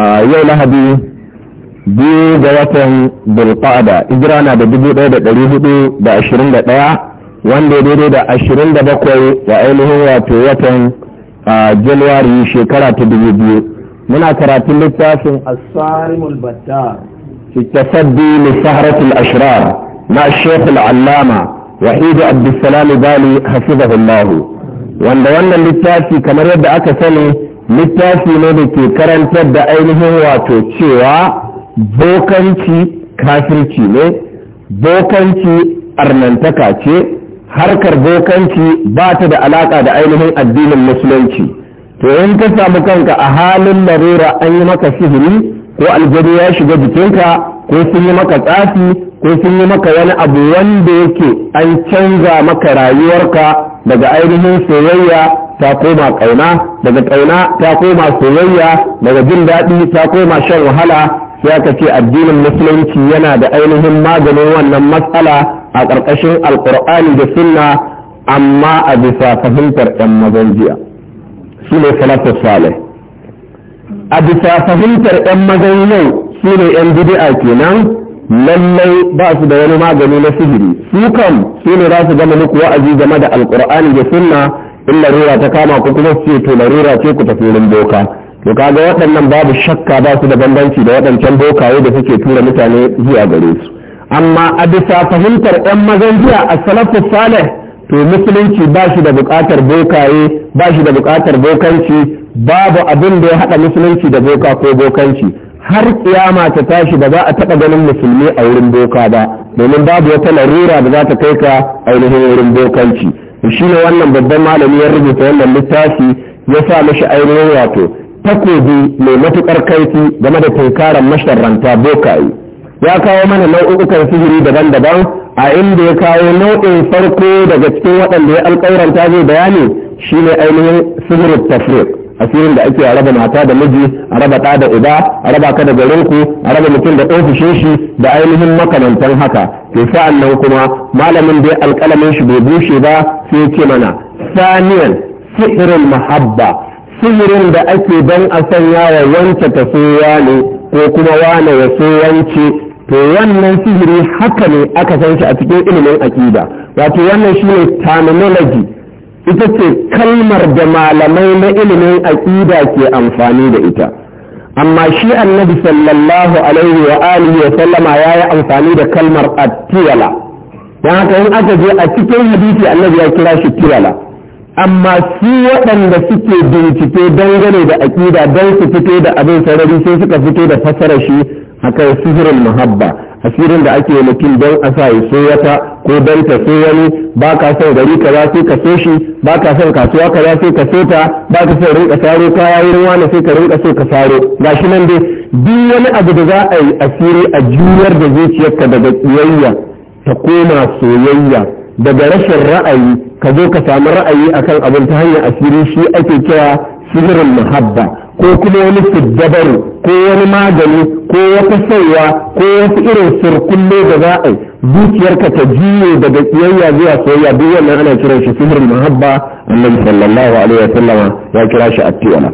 a yau lahadi biyu ga watan bulqada hijira na da dubu ɗaya da ɗari hudu da ashirin da ɗaya wanda ya daidai da ashirin da bakwai da ainihin wato watan januwari shekara ta dubu biyu muna karatun littafin asarimul battar fi tasaddi li sahratul ashrar na shekul allama wahidu abdulsalam bali hafizahullahu wanda wannan littafi kamar yadda aka sani littafi ne da ke karantar da ainihin wato cewa bokanci kafirci ne bokanci arnantaka ce harkar bokanci ba ta da alaka da ainihin addinin musulunci to in ka samu kanka a halin larura an yi maka sihiri ko aljadu ya shiga jikinka ko sun yi maka tsafi ko sun yi maka wani abu wanda yake an canza maka rayuwarka daga ainihin soyayya ta koma ƙauna daga ƙauna ta koma soyayya daga jin daɗi ta koma shan wahala sai aka ce addinin musulunci yana da ainihin maganin wannan matsala a ƙarƙashin alƙur'ani da sunna amma a bisa fahimtar 'yan mazan su ne salatu salih a bisa fahimtar ɗan mazan su ne 'yan bid'a kenan lallai ba su da wani magani na sihiri su kam su ne za su gama muku wa'azi game da alƙur'ani da sunna in larura ta kama ku kuma su to larura ce ku tafi wurin boka to kaga waɗannan babu shakka ba su da bambanci da waɗancan bokaye da suke tura mutane zuwa gare su amma a bisa fahimtar ɗan mazan jiya a salafu salih to musulunci ba shi da buƙatar bokaye ba shi da buƙatar bokanci babu abin da ya haɗa musulunci da boka ko bokanci har kiyama ta tashi ba za a taɓa ganin musulmi a wurin boka ba domin babu wata larura da za ta kai ka ainihin wurin bokanci shi ne wannan babban malami ya rubuta wannan littafi ya sa mashi ainihin wato takobi mai matukar kaifi game da tunkaran masharranta bokaye ya kawo mana nau'ukan sihiri daban-daban a inda ya kawo nau'in farko daga cikin waɗanda ya alƙawaranta zai bayani shine ainihin sihirin tafriq asirin da ake a raba mata da miji a raba ɗa da uba a raba ka da garinku a raba mutum da ofishin shi da ainihin makamantan haka to sa'an nan kuma malamin dai alƙalamin shi bai bushe ba sai ce mana saniyan sihirin mahabba sihirin da ake don a sanya wa wance ta ne ko kuma wane ya so wance to wannan sihiri haka ne aka san shi a cikin ilimin aƙida wato wannan shine terminology ita ce kalmar da malamai na ilimin aƙida ke amfani da ita amma shi annabi sallallahu alaihi wa alihi wa sallama ya yi amfani da kalmar tiwala don haka in aka je a cikin hadisi annabi ya kira shi tiwala amma su waɗanda suke bincike dangane da aƙida don su fito da abin sarari sai suka fito da fasarar shi akan sihirin muhabba asirin da ake mutum don a sa ya so wata ko don ta so wani ba ka son gari kaza sai ka so shi ba ka son kasuwa kaza sai ka so ta ba ka son rinka saro kaya wurin wani sai ka rinka so ka saro shi nan dai duk wani abu da za a yi asiri a juyar da zuciyarka daga tsiyayya ta koma soyayya daga rashin ra'ayi ka zo ka samu ra'ayi akan abin ta hanyar asiri shi ake kira sihirin muhabba ko kuma wani siddabaru ko wani magani ko wata saiwa ko wasu irin surkulle da za a zuciyarka ta jiyo daga kiyayya zuwa soyayya duk wannan ana kiran shi sihirul mahabba annabi sallallahu alaihi wasallama ya kira shi attiwala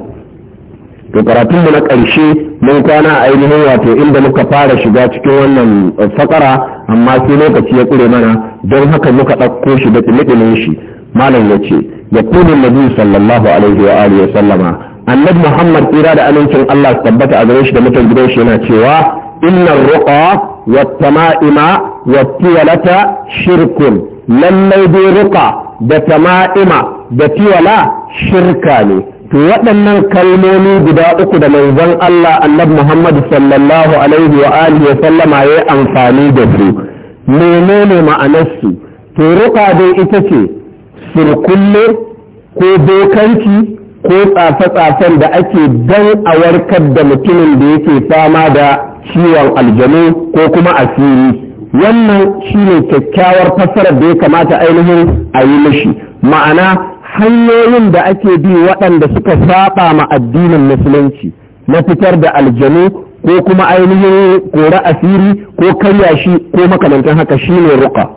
to karatun mu na ƙarshe mun kwana a ainihin wato inda muka fara shiga cikin wannan eh, fakara amma sai lokaci ya ƙure mana don haka muka ɗauko shi da ɗimiɗimin shi malam ya ce ya kudin nabi sallallahu alaihi wa alihi wa sallama annabi muhammad tsira da amincin allah su tabbata a gare shi da mutan gidan shi yana cewa Inna ruqa wa tama'ima wa tiwalata shirkun lallai dai ruqa da tama'ima da tiwala shirka ne to waɗannan kalmomi guda uku da manzon Allah annabi Muhammad sallallahu alaihi wa alihi wa sallama yayi amfani da su menene ma'anarsu to ruqa dai ita ce surkulle ko bokanci ko tsafe-tsafen da ake don a warkar da mutumin da yake fama da ciwon aljanu ko kuma asiri wannan shi ne kyakkyawar fassarar da ya kamata ainihin a yi mishi ma'ana hanyoyin da ake bi waɗanda suka saba ma addinin musulunci na fitar da aljanu ko kuma ainihin kora asiri ko karya shi ko makamantan haka shi ne ruka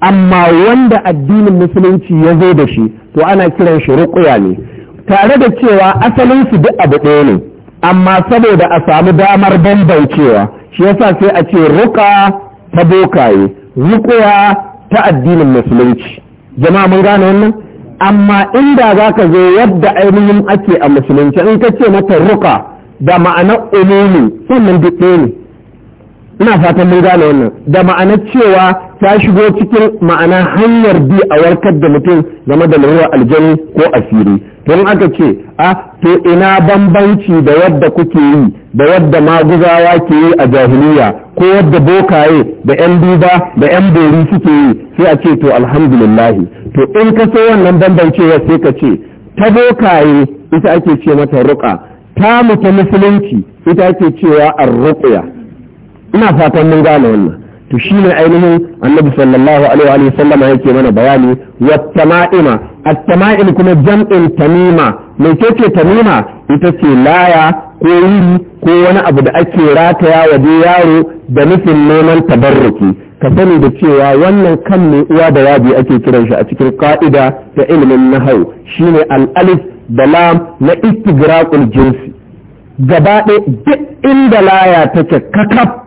amma wanda addinin musulunci ya zo da shi to ana kiran shi ruƙuya ne tare da cewa asalin su duk abu ɗaya ne amma saboda a samu damar bambancewa shi yasa sai a ce ruka ta bokaye rukuwa ta addinin musulunci jama'a mun gane wannan amma inda za ka zo yadda ainihin ake a musulunci in ka ce mata ruka da ma'anar umumi sannan duk ɗaya ne ina fatan mun gane wannan da ma'anar cewa ta shigo cikin ma'ana hanyar bi a warkar da mutum game da lura aljani ko asiri to in aka ce a to ina bambanci da wadda kuke yi da wadda maguzawa ke yi a jahiliya ko wadda bokaye da yan duba da yan bori suke yi sai a ce to alhamdulillahi to in ka so wannan bambancewa sai ka ce ta bokaye ita ake ce mata ruka ta mutu musulunci ita ake cewa arruqya ina fatan mun gane wannan to shi ne ainihin annabi sallallahu alaihi wa sallama yake mana bayani wa tama'ima at-tama'im kuma jam'in tamima mai ce tamima ita ce laya ko yiri ko wani abu da ake rataya waje yaro da nufin neman tabarruki ka sani da cewa wannan kan ne uwa da wabi ake kiran shi a cikin ka'ida ta ilimin nahau shine al-alif da lam na istigraqul jinsi gaba ɗaya duk inda laya take kakaf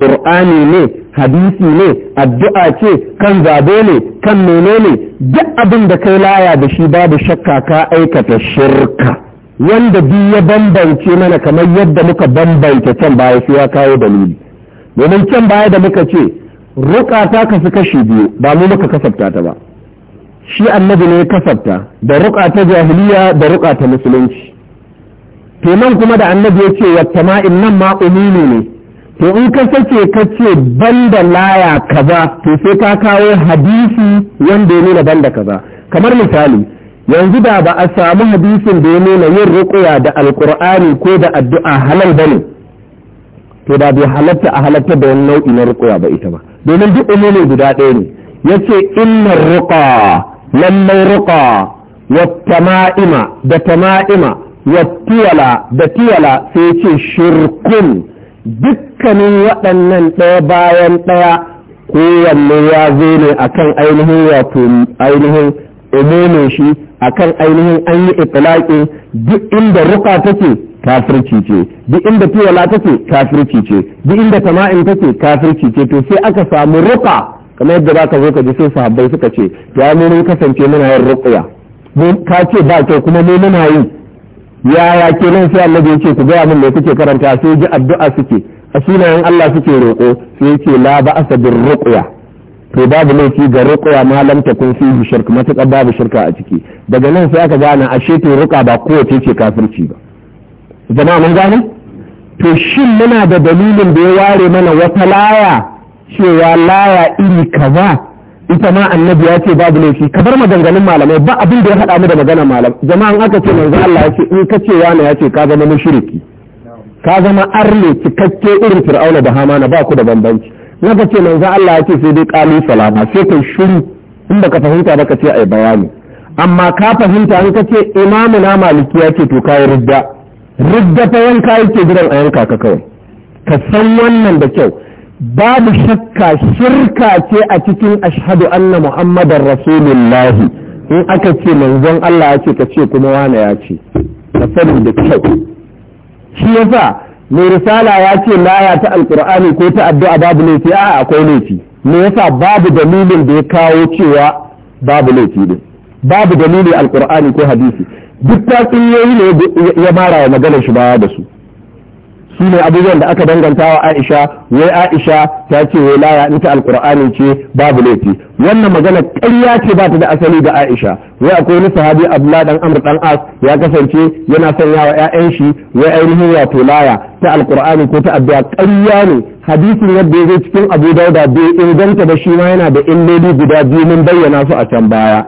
ƙur'ani ne hadisi ne addu'a ce kan zabe ne kan menene duk abin da kai laya da shi babu shakka ka aikata shirka wanda duk ya bambance mana kamar yadda muka bambance can baya sai ya kawo dalili domin can baya da muka ce ruka ta kasu kashi biyu ba mu muka kasafta ta ba shi annabi ne kasafta da ruka ta jahiliya da ruka ta musulunci to kuma da annabi ya ce wata ma'in nan ma ne to in ka sace ka ce banda laya kaza to sai ka kawo hadisi wanda ya nuna banda kaza kamar misali yanzu da ba a samu hadisin da ya nuna yin ruqya da alqur'ani ko da addu'a halal bane to da bai halatta a halatta da wani nau'i na ruqya ba ita ba domin duk umumi guda ɗaya ne yace innar ruqa lallai ruqa wa tama'ima da tama'ima wa tiyala da tiyala sai ce shirkun dukkanin waɗannan ɗaya bayan ɗaya kowanne ya zo ne akan ainihin wato ainihin umumin shi a kan ainihin an yi itilaƙi duk inda ruka take kafirci ce duk inda tiwala take kafirci ce duk inda tama'in take kafirci ce to sai aka samu ruka kamar yadda zaka zo ka ji sai sahabbai suka ce to mun kasance muna yin ruqya ka ce ba kyau kuma mu muna yi yaya kenan sai annabi yace ku ga mun me kuke karanta sai ji addu'a suke a sunayen Allah suke roko sai yace la ba'sa bir ruqya to babu laifi ga ruqya malam ta kun fi shirk matuƙar babu shirka a ciki daga nan sai aka gane ashe to ruqa ba kowace ce kafirci ba jama'a mun gane to shin muna da dalilin da ya ware mana wata laya cewa laya iri kaza ita ma annabi ya ce babu laifi ka bar maganganun malamai ba abin da ya haɗa mu da magana malam jama'an aka ce manzo Allah ya ce in ka ce wani ya ce ka zama mushriki ka zama arne cikakke irin fir'auna da hamana ba ku da bambanci na ka ce manzo Allah ya ce sai dai kalu salama sai kai shiru in baka fahimta ba ka ce ai bayani amma ka fahimta in ka ce imamu na maliki ya ce to kai ridda ridda fa yanka yake gidan a yanka ka kawai ka san wannan da kyau babu shakka shirka ce a cikin ashhadu anna muhammadar rasulullah in aka ce manzon Allah ya ce ka ce kuma wane ya ce ka sani da kyau shi yasa mai risala ya ce ya ta alkur'ani ko ta addu'a babu laifi a akwai laifi me yasa babu dalilin da ya kawo cewa babu laifi din babu dalili alkur'ani ko hadisi duk tatsuniyoyi ne ya mara wa maganar shi baya da su su ne abubuwan da aka danganta wa aisha wai aisha ta ce wai laya ita alkur'ani ce babu laifi wannan magana ƙarya ce ba ta da asali ga aisha wai akwai wani sahabi abdullah dan amr dan as ya kasance yana sanya wa ƴaƴan shi wai ainihin wato laya ta alkur'ani ko ta addu'a ƙarya ne hadisin yadda ya zo cikin abu dauda bai inganta ba shi ma yana da illoli guda biyu mun bayyana su a can baya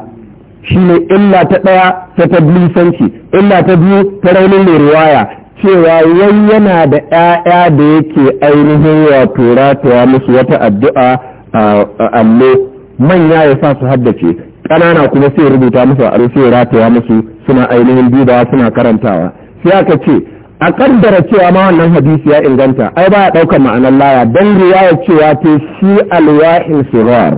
shine illa ta ɗaya ta tablisanci illa ta biyu ta raunin mai riwaya cewa wai yana da ‘ya'ya da yake ainihin wato ratuwa musu wata addu'a allo manya ya sa su haddace ƙanana kuma sai rubuta musu a sai ratuwa musu suna ainihin dubawa suna karantawa sai aka ce a kaddara cewa ma wannan hadisi ya inganta ai ba a ɗaukar ma'anar laya don riwaya cewa ta shi alwahin sirar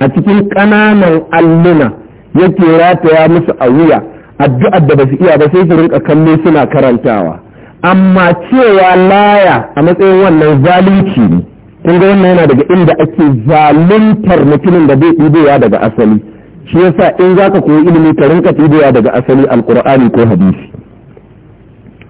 a cikin ƙananan alluna yake rataya musu a wuya addu'ar da ba su iya ba sai su rinka kallo suna karantawa amma cewa laya a matsayin wannan zalunci ne kun ga wannan yana daga inda ake zaluntar mutumin da zai ɗibewa daga asali shi yasa in za ka koyi ilimi ka rinka ɗibewa daga asali alkur'ani ko hadisi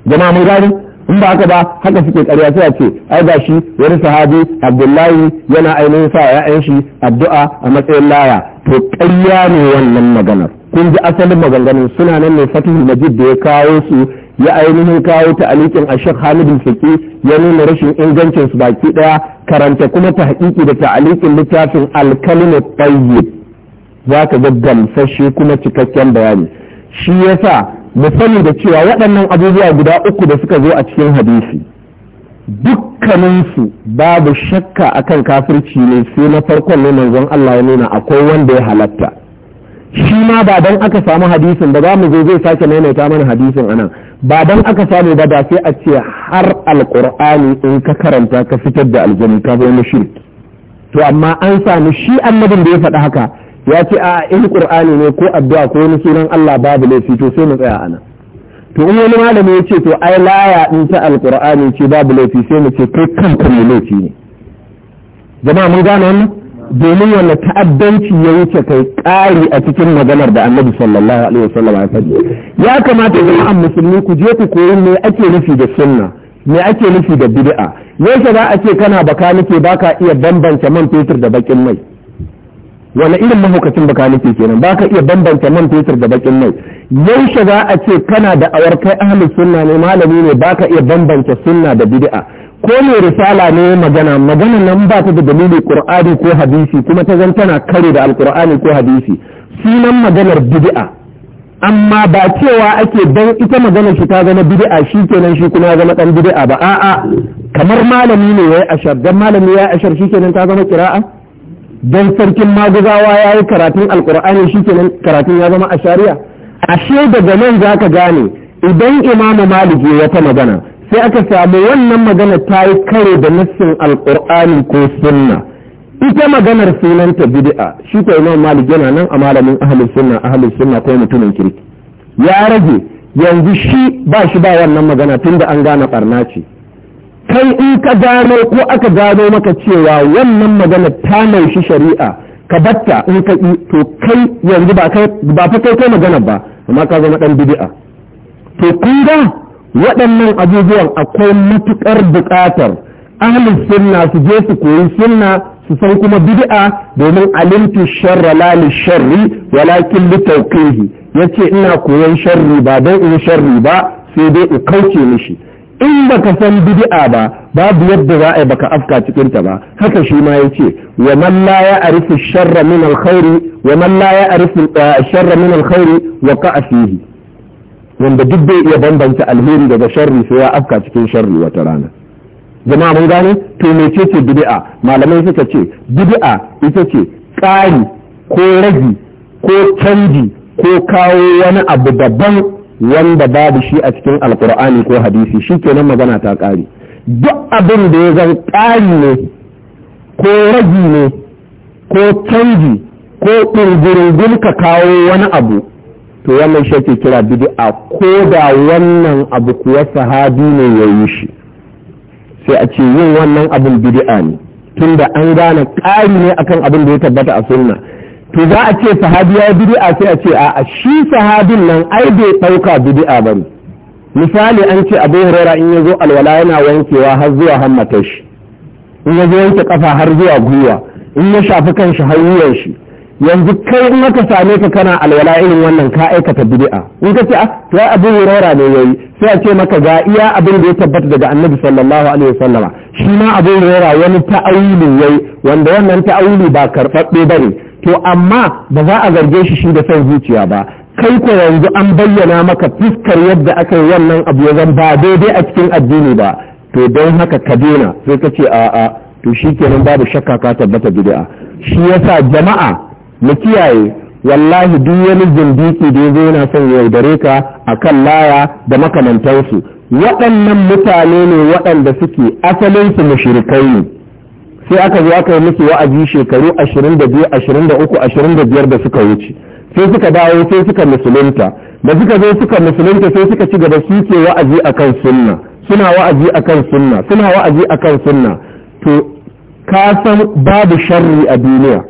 jama'a mun gani in ba haka ba haka suke karya sai a ce ai ga shi wani sahabi abdullahi yana ainihin sa ya'yan shi addu'a a matsayin laya to ƙarya ne wannan maganar kun ji asalin maganganun suna nan ne fatihul majid da ya kawo su ya ainihin kawo ta alikin a shek halibin fiƙi ya nuna rashin ingancin su baki ɗaya karanta kuma ta haƙiƙi da ta alikin littafin alkalimu tsayi za ka ga gamsashe kuma cikakken bayani shi yasa mu sani da cewa waɗannan abubuwa guda uku da suka zo a cikin hadisi dukkaninsu babu shakka akan kafirci ne sai na farkon ne manzon Allah ya nuna akwai wanda ya halatta shi ma ba don aka samu hadisin da za mu zo zai sake maimaita mana hadisin anan ba don aka samu ba da sai a ce har Alƙur'ani in ka karanta ka fitar da aljanu ka zama shirki to amma an sami shi annabin da ya faɗi haka ya ce a in qur'ani ne ko addu'a ko wani sunan Allah babu laifi to sai mu tsaya ana to in wani malami ya ce to ai laya in ta alkur'ani ce babu laifi sai mu ce kai kanka ne laifi ne jama'a mun gane wannan domin wanda ta'addanci ya wuce kai ƙari a cikin maganar da annabi sallallahu alaihi wasallam ya faɗi ya kamata jama'an musulmi ku je ku koyi me ake nufi da sunna me ake nufi da bid'a yaushe za a ce kana baka nake baka iya bambance man fetur da bakin mai wani irin mahaukacin baka nake kenan baka iya bambance man fetur da bakin mai yaushe za a ce kana da awar kai ahlus sunna ne malami ne baka iya bambance sunna da bid'a ko ne risala ne magana magana nan ba ta da dalili qur'ani ko hadisi kuma ta zan tana kare da alqur'ani ko hadisi sunan maganar bid'a amma ba cewa ake dan ita maganar shi ta zama bid'a kenan shi kuma zama dan bid'a ba a'a kamar malami ne yayi ashar dan malami yayi ashar kenan ta zama qira'a dan sarkin maguzawa yayi karatun alqur'ani kenan karatun ya zama ashariya ashe daga nan zaka gane idan imamu maliki ya ta magana sai aka samu wannan magana ta yi karo da nassin alkur'ani ko sunna ita maganar sunanta bid'a shi ko imam malik yana nan a malamin ahlus sunna ahlus sunna ko mutumin kirki ya rage yanzu shi ba shi ba wannan magana tunda an gane barna ce kai in ka gano ko aka gano maka cewa wannan magana ta naushi shari'a ka batta in ka yi to kai yanzu ba fa kai kai magana ba amma ka zama dan bid'a to kun ga waɗannan abubuwan akwai matuƙar buƙatar ahlus sunna su je su koyi sunna su san kuma bid'a domin alimtu sharra la li sharri walakin li tawqihi yace ina koyon sharri ba dan in sharri ba sai dai in kauce mishi in baka san bid'a ba babu yadda za a baka afka cikin ta ba haka shi ma yace wa man la ya'rifu sharra min al-khairi wa man la ya'rifu eh, sharra min al-khairi wa fihi wanda duk bai iya bambanta alheri daga sharri sai ya afka cikin sharri wata rana jama'a mun gane to mecece bid'a malamai suka ce bid'a ita ce ƙari ko ragi ko canji ko kawo wani abu daban wanda babu shi a cikin alkur'ani ko hadisi shi kenan magana ta ƙari duk abin da ya zan ƙari ne ko ragi ne ko canji ko ɗungurungun ka kawo wani abu to wannan shi ke kira bid'a ko da wannan abu kuwa sahabi ne ya yi shi sai a ce yin wannan abin bid'a ne tunda an gane ƙari ne akan abin da ya tabbata a sunna to za a ce sahabi ya bid'a sai a ce a shi sahabin nan ai bai ɗauka bid'a ne. misali an ce abu hurera in ya zo alwala yana wankewa har zuwa hammatar shi in ya zo yanke kafa har zuwa gwiwa in ya shafi kan shi har shi yanzu kai in aka same ka kana alwala irin wannan ka aikata bid'a in ka ce a ah, to ai abu hurairah ne yayi sai a ce maka ga iya abin da ya tabbata daga annabi sallallahu alaihi wasallama shi ma abu hurairah wani ta'awili yayi wanda wannan ta'awili ba karɓaɓɓe bane to amma ba za a zarge shi shi da son zuciya ba kai ko yanzu an bayyana maka fuskar yadda aka yi wannan abu ya zan ba daidai a cikin addini ba to don haka ka daina sai ka ce a'a to shi kenan babu shakka ka tabbata bid'a shi yasa jama'a mu kiyaye wallahi duk wani zindiki da zo yana son yaudare ka kan laya da makamantansu waɗannan mutane ne waɗanda suke asalinsu mushrikai ne sai aka zo aka yi musu wa'azi shekaru 22 23 25 da suka wuce sai suka dawo sai suka musulunta da suka zo suka musulunta sai suka ci gaba suke wa'azi akan sunna suna wa'azi akan sunna suna wa'azi akan sunna to ka san babu sharri a duniya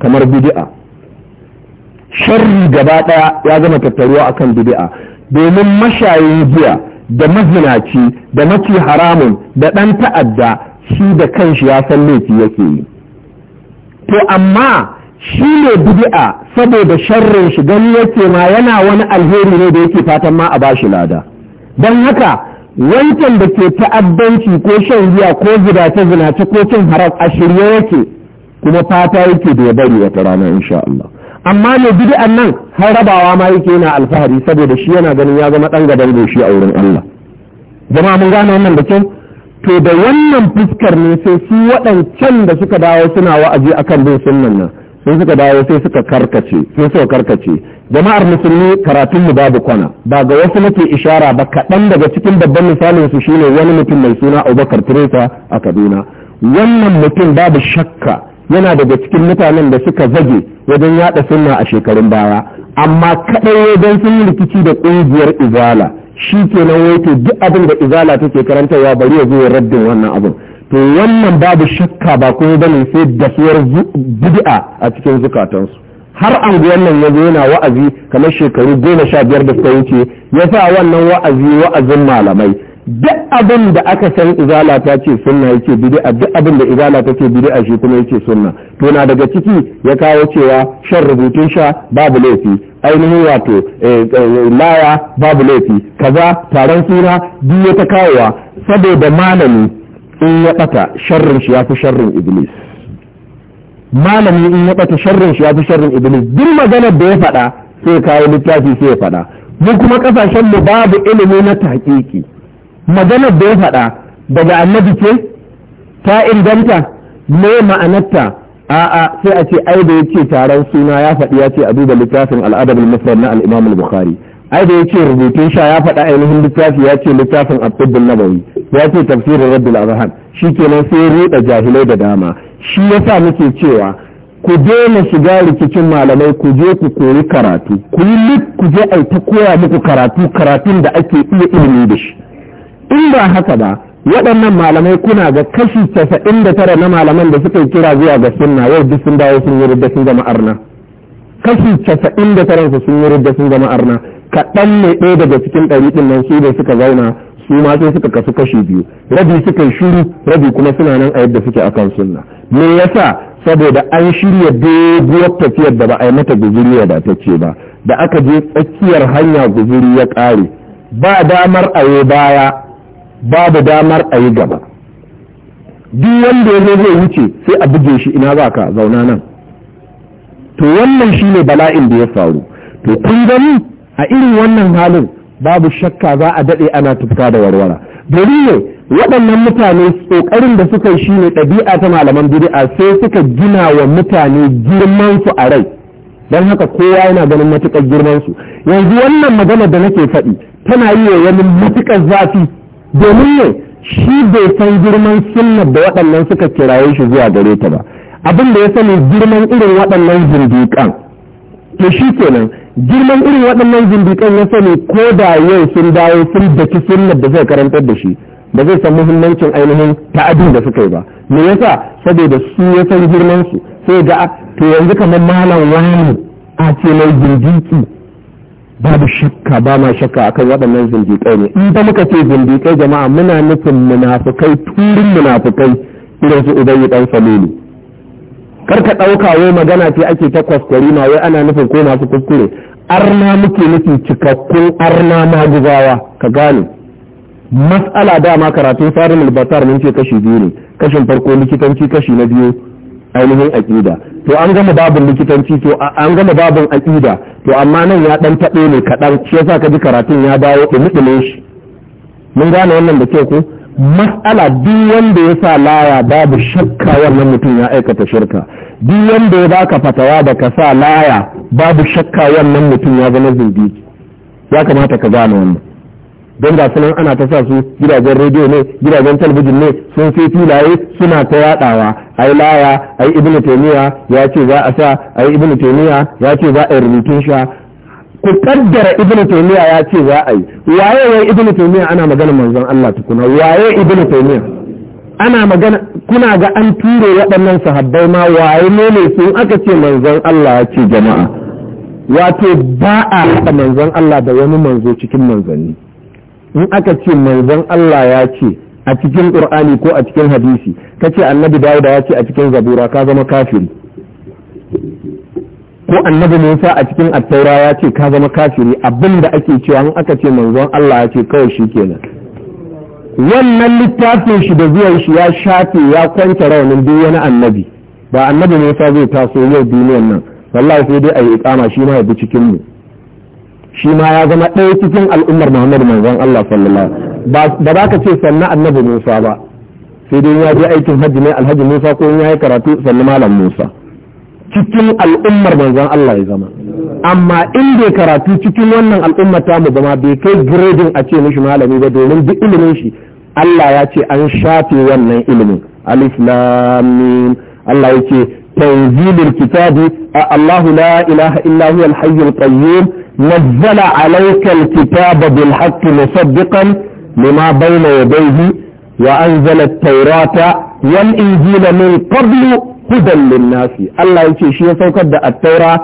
kamar bidi'a sharri gaba ɗaya ya zama tattaruwa akan bidi'a domin mashayin giya da mazinaci da maci haramun da ɗan ta'adda shi da kanshi ya san laifi yake yi to amma shi ne bidi'a saboda sharrin shi gani yake ma yana wani alheri ne da yake fatan ma a bashi lada don haka wancan da ke ta'addanci ko shan giya ko zinace zinace ko cin haram a shirye yake kuma fata yake da ya bari wata rana insha Allah amma ne bid'an nan har rabawa ma yake yana alfahari saboda shi yana ganin ya zama dan gadan goshi a wurin Allah jama'a mun gane wannan da kyau to da wannan fuskar ne sai su waɗancan da suka dawo suna wa'azi akan bin sunnan nan sai suka dawo sai suka karkace sai suka karkace jama'ar musulmi karatun mu babu kwana ba ga wasu nake ishara ba kaɗan daga cikin babban misalin su shine wani mutum mai suna Abubakar Tiresa a Kaduna wannan mutum babu shakka yana daga cikin mutanen da suka zage wajen yada sunna a shekarun baya amma kaɗai wajen sun rikici da kungiyar izala shi kenan wai to duk abin da izala take karantarwa bari ya zo ya raddin wannan abin to wannan babu shakka ba kuma bane sai da suwar bid'a a cikin zukatansu har anguwan nan yazo yana wa'azi kamar shekaru goma sha biyar da suka wuce ya sa wannan wa'azi wa'azin malamai duk abin da aka san izala ta ce sunna yake bid'a duk abin da izala ta ce bid'a shi kuma yake sunna to na daga ciki ya kawo cewa shan rubutun sha babu laifi ainihin wato eh, eh, laya babu laifi kaza taron suna duk ya ta kawowa saboda malami in ya bata sharrin shi ya fi sharrin iblis malami in ya bata sharrin shi ya fi sharrin iblis duk maganar da ya faɗa sai kawo littafi sai ya faɗa mu kuma kasashen mu babu ilimi na taƙiƙi maganar da ya faɗa daga annabi ce ta inganta me ma'anarta a'a sai a ce ai da yace taron suna ya faɗi ya ce a duba littafin al'adar al na al-imam al-bukhari ai da yace rubutun sha ya faɗa ainihin littafi ya ce littafin abdul nabawi ya ce tafsirin shi arham shikenan sai ruɗa jahilai da dama shi yasa muke cewa ku daina shiga rikicin malamai ku je ku koyi karatu ku yi ku je ai ta koya muku karatu karatun da ake iya ilimi da shi in ba haka ba waɗannan malamai kuna ga kashi casa'in da tara na malaman da suka kira zuwa ga sunna yau duk sun dawo sun yi rudda sun zama arna kashi casa'in da tara sun yi rudda sun zama arna kaɗan ne ɗaya daga cikin ɗari ɗin nan su da suka zauna su ma sai suka kasu kashi biyu rabi suka yi shiru rabi kuma suna nan a yadda suke akan sunna me yasa saboda an shirya doguwar tafiyar da ba a yi mata ta ce ba da aka je tsakiyar hanya guzuri ya ƙare ba damar a yi baya babu damar a yi gaba duk wanda ya zai wuce sai a buge shi ina za ka zauna nan to wannan shine bala'in da ya faru to kun gani a irin wannan halin babu shakka za a daɗe ana tufka da warwara domin ne waɗannan mutane ƙoƙarin da suka shi ne ɗabi'a ta malaman bid'a sai suka gina wa mutane girmansu a rai don haka kowa yana ganin matuƙar girman su yanzu wannan magana da nake faɗi tana yi wa wani matuƙar zafi domin ne shi bai san girman sunna da waɗannan suka kiraye shi zuwa gare ta ba abin da ya sani girman irin waɗannan zindiƙan to shi kenan girman irin waɗannan zindiƙan ya sani ko da yau sun dawo sun daki sunna da zai karantar da shi ba zai san muhimmancin ainihin ta'adin da suka yi ba me yasa saboda su ya san girman su sai ga to yanzu kamar malam wani a ce mai zindiki babu shakka ba ma shakka akan waɗannan zindiƙai ne in ba muka ce zindiƙai jama'a muna nufin munafukai turin munafukai irin su ubayi dan salulu kar ka ɗauka wai magana ce ake ta kwaskwari ma wai ana nufin ko masu kuskure arna muke nufin cikakkun arna maguzawa ka gane mas'ala dama karatun sarin albatar mun ce kashi biyu ne kashin farko likitanci kashi na biyu ainihin aƙida to an gama babin likitanci to an gama babin aƙida to amma nan ya ɗan taɓe ne kaɗan shi yasa ka ji karatun ya dawo ɗumi shi mun gane wannan da kyau ko matsala duk wanda ya sa laya babu shakka wannan mutum ya aikata shirka duk wanda ya baka fatawa da ka sa laya babu shakka wannan mutum ya zama zindiki ya kamata ka gane wannan don ga sunan ana ta sa su gidajen rediyo ne gidajen talabijin ne sun fi filaye suna ta yadawa ai laya ai ibnu taymiya ya ce za a sa ai ibnu taymiya ya ce za a yi rubutun sha ku kaddara ibnu taymiya ya ce za a yi waye wai ibnu taymiya ana magana manzon Allah tukuna waye ibnu taymiya ana magana kuna ga an ture waɗannan sahabbai ma waye ne sun aka ce manzon Allah ya ce jama'a wato ba a haɗa manzon Allah da wani manzo cikin manzanni in aka ce manzon Allah ya ce a cikin qur'ani ko a cikin hadisi kace annabi dawud ya ce a cikin zabura ka zama kafiri ko annabi musa a cikin attaura ya ce ka zama kafiri abin da ake cewa in aka ce manzon Allah ya ce kawai shi kenan wannan littafin shi da zuwan shi ya shafe ya kwanta raunin duk wani annabi ba annabi musa zai taso yau duniyar nan wallahi sai dai a yi ikama shi ma ya bi cikin mu shi ma ya zama ɗaya cikin al'ummar muhammadu manzon Allah sallallahu ba za ka ce sannan annabi musa ba sai dai ya je aikin hajji ne alhaji musa ko ya yi karatu sannan malam musa cikin al'ummar manzon Allah ya zama amma in bai karatu cikin wannan al'ummar ta mu zama bai kai gredin a ce mishi malami ba domin duk ilimin shi Allah ya ce an shafe wannan ilimin alif lam Allah ce tanzilul kitabi Allahu la ilaha illa huwa al-hayyul qayyum نزل عليك الكتاب بالحق مصدقا لما بين يديه وأنزل التوراة والإنجيل من قبل هدى للناس الله يكي شيء سوكر دا التوراة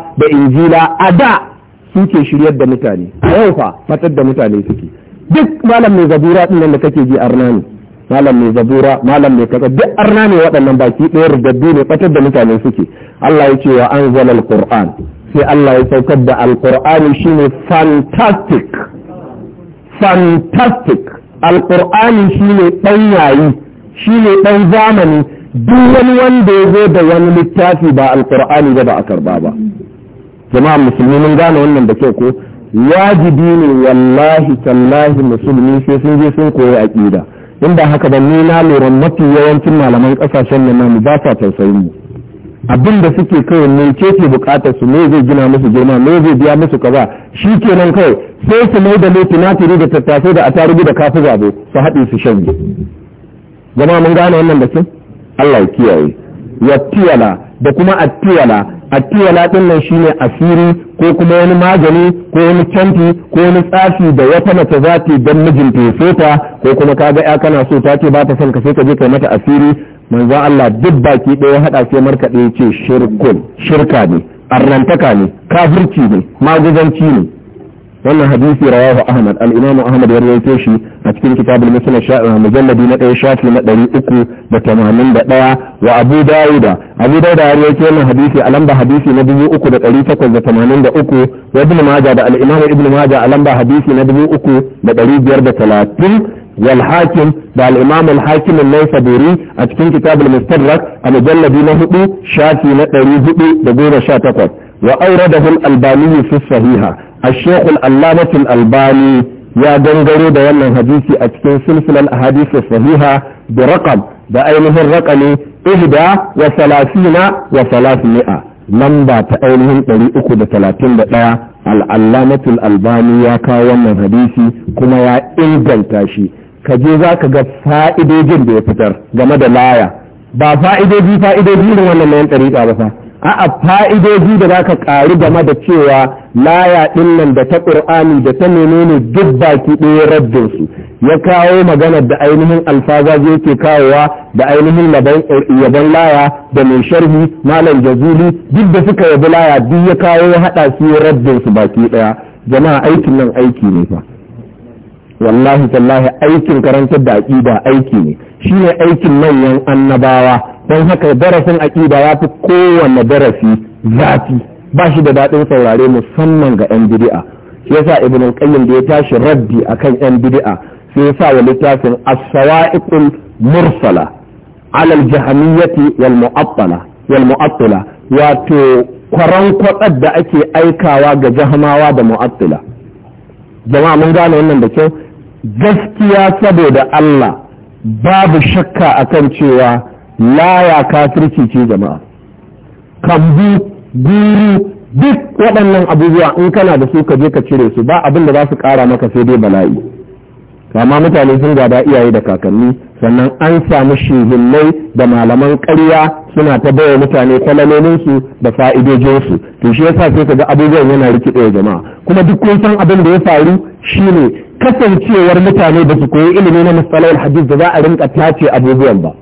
دا أداء suke shiryar da mutane yau fa da mutane suke duk malam mai zabura din da kake ji arna ne malam mai zabura malam mai kaza duk arna ne waɗannan baki ɗaya rubabbi ne fatar da mutane suke Allah ya ce wa anzala alquran sai Allah ya saukar da Alƙur'ani shi ne fantastic fantastic Alƙur'ani shi ne ɗan yayi shi ne ɗan zamani duk wani wanda ya zo da wani littafi ba Alƙur'ani ba ba a karba ba jama'a musulmi mun gane wannan da kyau ko wajibi ne wallahi tallahi musulmi sai sun je sun koyi aƙida in ba haka ba ni na lura mafi yawancin malaman ƙasashen nan ba sa tausayin mu abin da suke kawai ne ce ke bukatar su ne zai gina musu girma ne zai biya musu kaza shi kenan kawai sai su mai da na tumatiri da tattasai da atarugu da kafi zabe su haɗe su shanye zama mun gane wannan sun, Allah ya kiyaye tiyala da kuma a tiyala din nan ne asiri ko kuma wani magani ko wani canti ko wani tsafi da wata mace za ta don mijinta ya so ta ko kuma kaga ya kana so ta ce ba ta son ka sai ka je kai mata asiri manzon Allah duk baki ɗaya haɗa sai markaɗe ya ce shirkun shirka ne arrantaka ne kafirci ne maguzanci ne wannan hadisi rawahu ahmad al-imamu ahmad ya rawaito shi a cikin kitabul muslim sha'a mujalladi na ɗaya shafi na ɗari uku da tamanin da ɗaya wa abu dawuda abu dawuda ya rawaito wannan hadisi a lamba hadisi na dubu uku da ɗari takwas da tamanin da uku wa ibn majah da al-imamu ibn majah a lamba hadisi na dubu uku da ɗari biyar da talatin walhakim da al imam al hakim an saburi a cikin kitab al mustadrak a mujalladi na hudu shafi na ɗari hudu da goma sha takwas wa auradahu al albani fi sahiha al shaykh al ya dangaro da wannan hadisi a cikin a ahadith sahiha bi raqam da ainihin raƙami ihda wa salasina wa salasmi'a lamba ta ainihin ɗari uku da talatin da ɗaya al'allamatul albami ya kawo wannan hadisi kuma ya inganta shi ka je za ka ga fa'idojin da ya fitar game da laya ba fa'idoji fa'idoji ne wannan na ɗariƙa ba a'a fa'idoji da za ka ƙaru game da cewa laya ɗin nan da ta ƙur'ani da ta menene duk baki ɗaya raddin su ya kawo maganar da ainihin alfaza yake kawowa da ainihin eh, yabon laya da mai sharhi malam jazuli duk da suka yabi laya duk ya kawo haɗa su raddin su baki ɗaya jama'a aikin nan aiki ne fa wallahi tallahi aikin karantar da aƙida aiki ne shine aikin manyan annabawa don haka darasin aƙida ya fi kowanne darasi zafi ba shi da daɗin saurare musamman ga 'yan bid'a shi yasa ibn qayyim da ya tashi raddi akan 'yan bid'a sai ya sa wa littafin as-sawa'iqul mursala ala al-jahmiyyati wal mu'attala wal wato kwaran kwadar da ake aikawa ga jahmawa da mu'attala jama'a mun gane wannan da kyau gaskiya saboda Allah babu shakka akan cewa laya kafirci ce jama'a kambu guru duk waɗannan abubuwa in kana da su ka je ka cire su ba abin da za su ƙara maka sai dai bala'i amma mutane sun gada iyaye da kakanni sannan an samu shehillai da malaman ƙarya suna ta baya mutane kwalaloninsu da fa'idojinsu to shi yasa sai ka ga abubuwan yana rikiɗe jama'a kuma duk kun san abin da ya faru shine kasancewar mutane da su koyi ilimi na misalai hadis da za a rinka tace abubuwan ba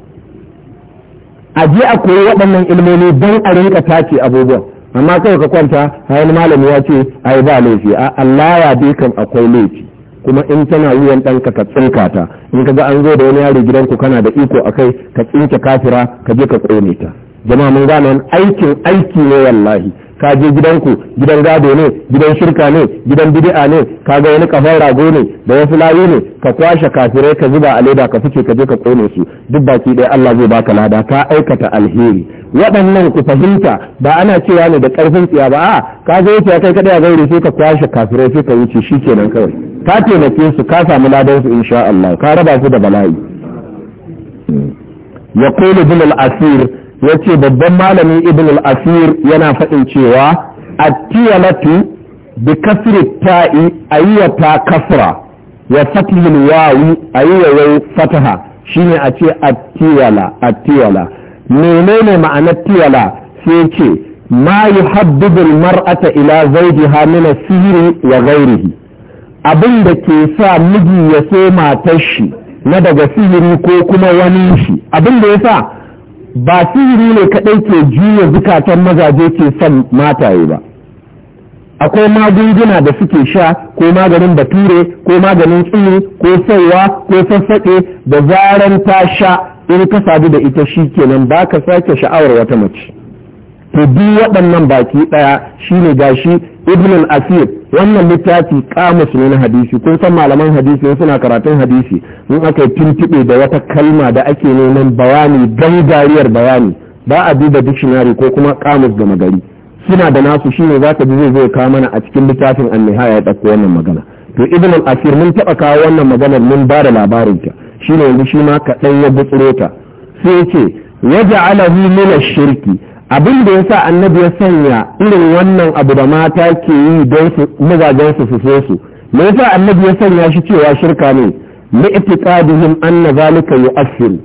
a je a koyi waɗannan ilimomi don a rinka tace abubuwan amma kawai ka kwanta hayan malami ya ce ai ba laifi a Allah ya bi kan akwai laifi kuma in tana wuyan ɗanka ka tsinka ta in ka ga an zo da wani yari gidanku kana da iko akai ka tsinke kafira ka je ka ƙone ta jama'a mun gane aikin aiki ne wallahi ka je gidanku gidan gado ne gidan shirka ne gidan bid'a ne ka ga wani kafar rago ne da wasu layu ne ka kwashe kafirai ka zuba a leda ka fice ka je ka kone su duk baki ɗaya Allah zai baka lada ka aikata alheri waɗannan ku fahimta ba ana cewa ne da ƙarfin tsiya ba a ka ga wuce kai kada ya gaure sai ka kwashe kafirai sai ka wuce shikenan kawai ka taimake su ka samu ladan su insha Allah ka raba su da bala'i yaqulu bil asir ya ce babban malamin ibn al-asir yana faɗin cewa attiyalatu bi kasri ta'i ta kasra wa fatihil wawi ayyawa fataha shine a ce attiyala tiyala. menene ma'anar tiyala sai ce ma yuhaddidu al-mar'ata ila zawjiha min as-sihri wa ghayrihi abin da ke sa miji ya so matar shi na daga sihiri ko kuma wani shi abin da ya sa ba sihiri ne kaɗai ke juya zukatan mazaje ke son mataye ba akwai magunguna da suke sha ko maganin bature ko maganin tsiri ko saiwa ko sassaƙe da zaran ta sha in ka sadu da ita shi kenan ba ka sake sha'awar wata mace to duk waɗannan baki ɗaya shi ne gashi ibn al-asir wannan littafi kamus ne na hadisi kun san malaman hadisi suna karatun hadisi in aka tuntube da wata kalma da ake neman bayani gangariyar bayani ba a duba dictionary ko kuma kamus gama gari suna da nasu shine zaka ji zai zo kawo mana a cikin littafin an-nihaya ya dauko wannan magana to ibn al-asir mun taba kawo wannan maganar mun ba da labarin ta shine yanzu shi ma kaɗan ya gutsuro ta sai ce waja'alahu min ash-shirki abin da ya sa annabi ya sanya irin wannan abu da mata ke yi don mazajen su su su me yasa annabi ya sanya shi cewa shirka ne li itiqadihim anna zalika yu'assir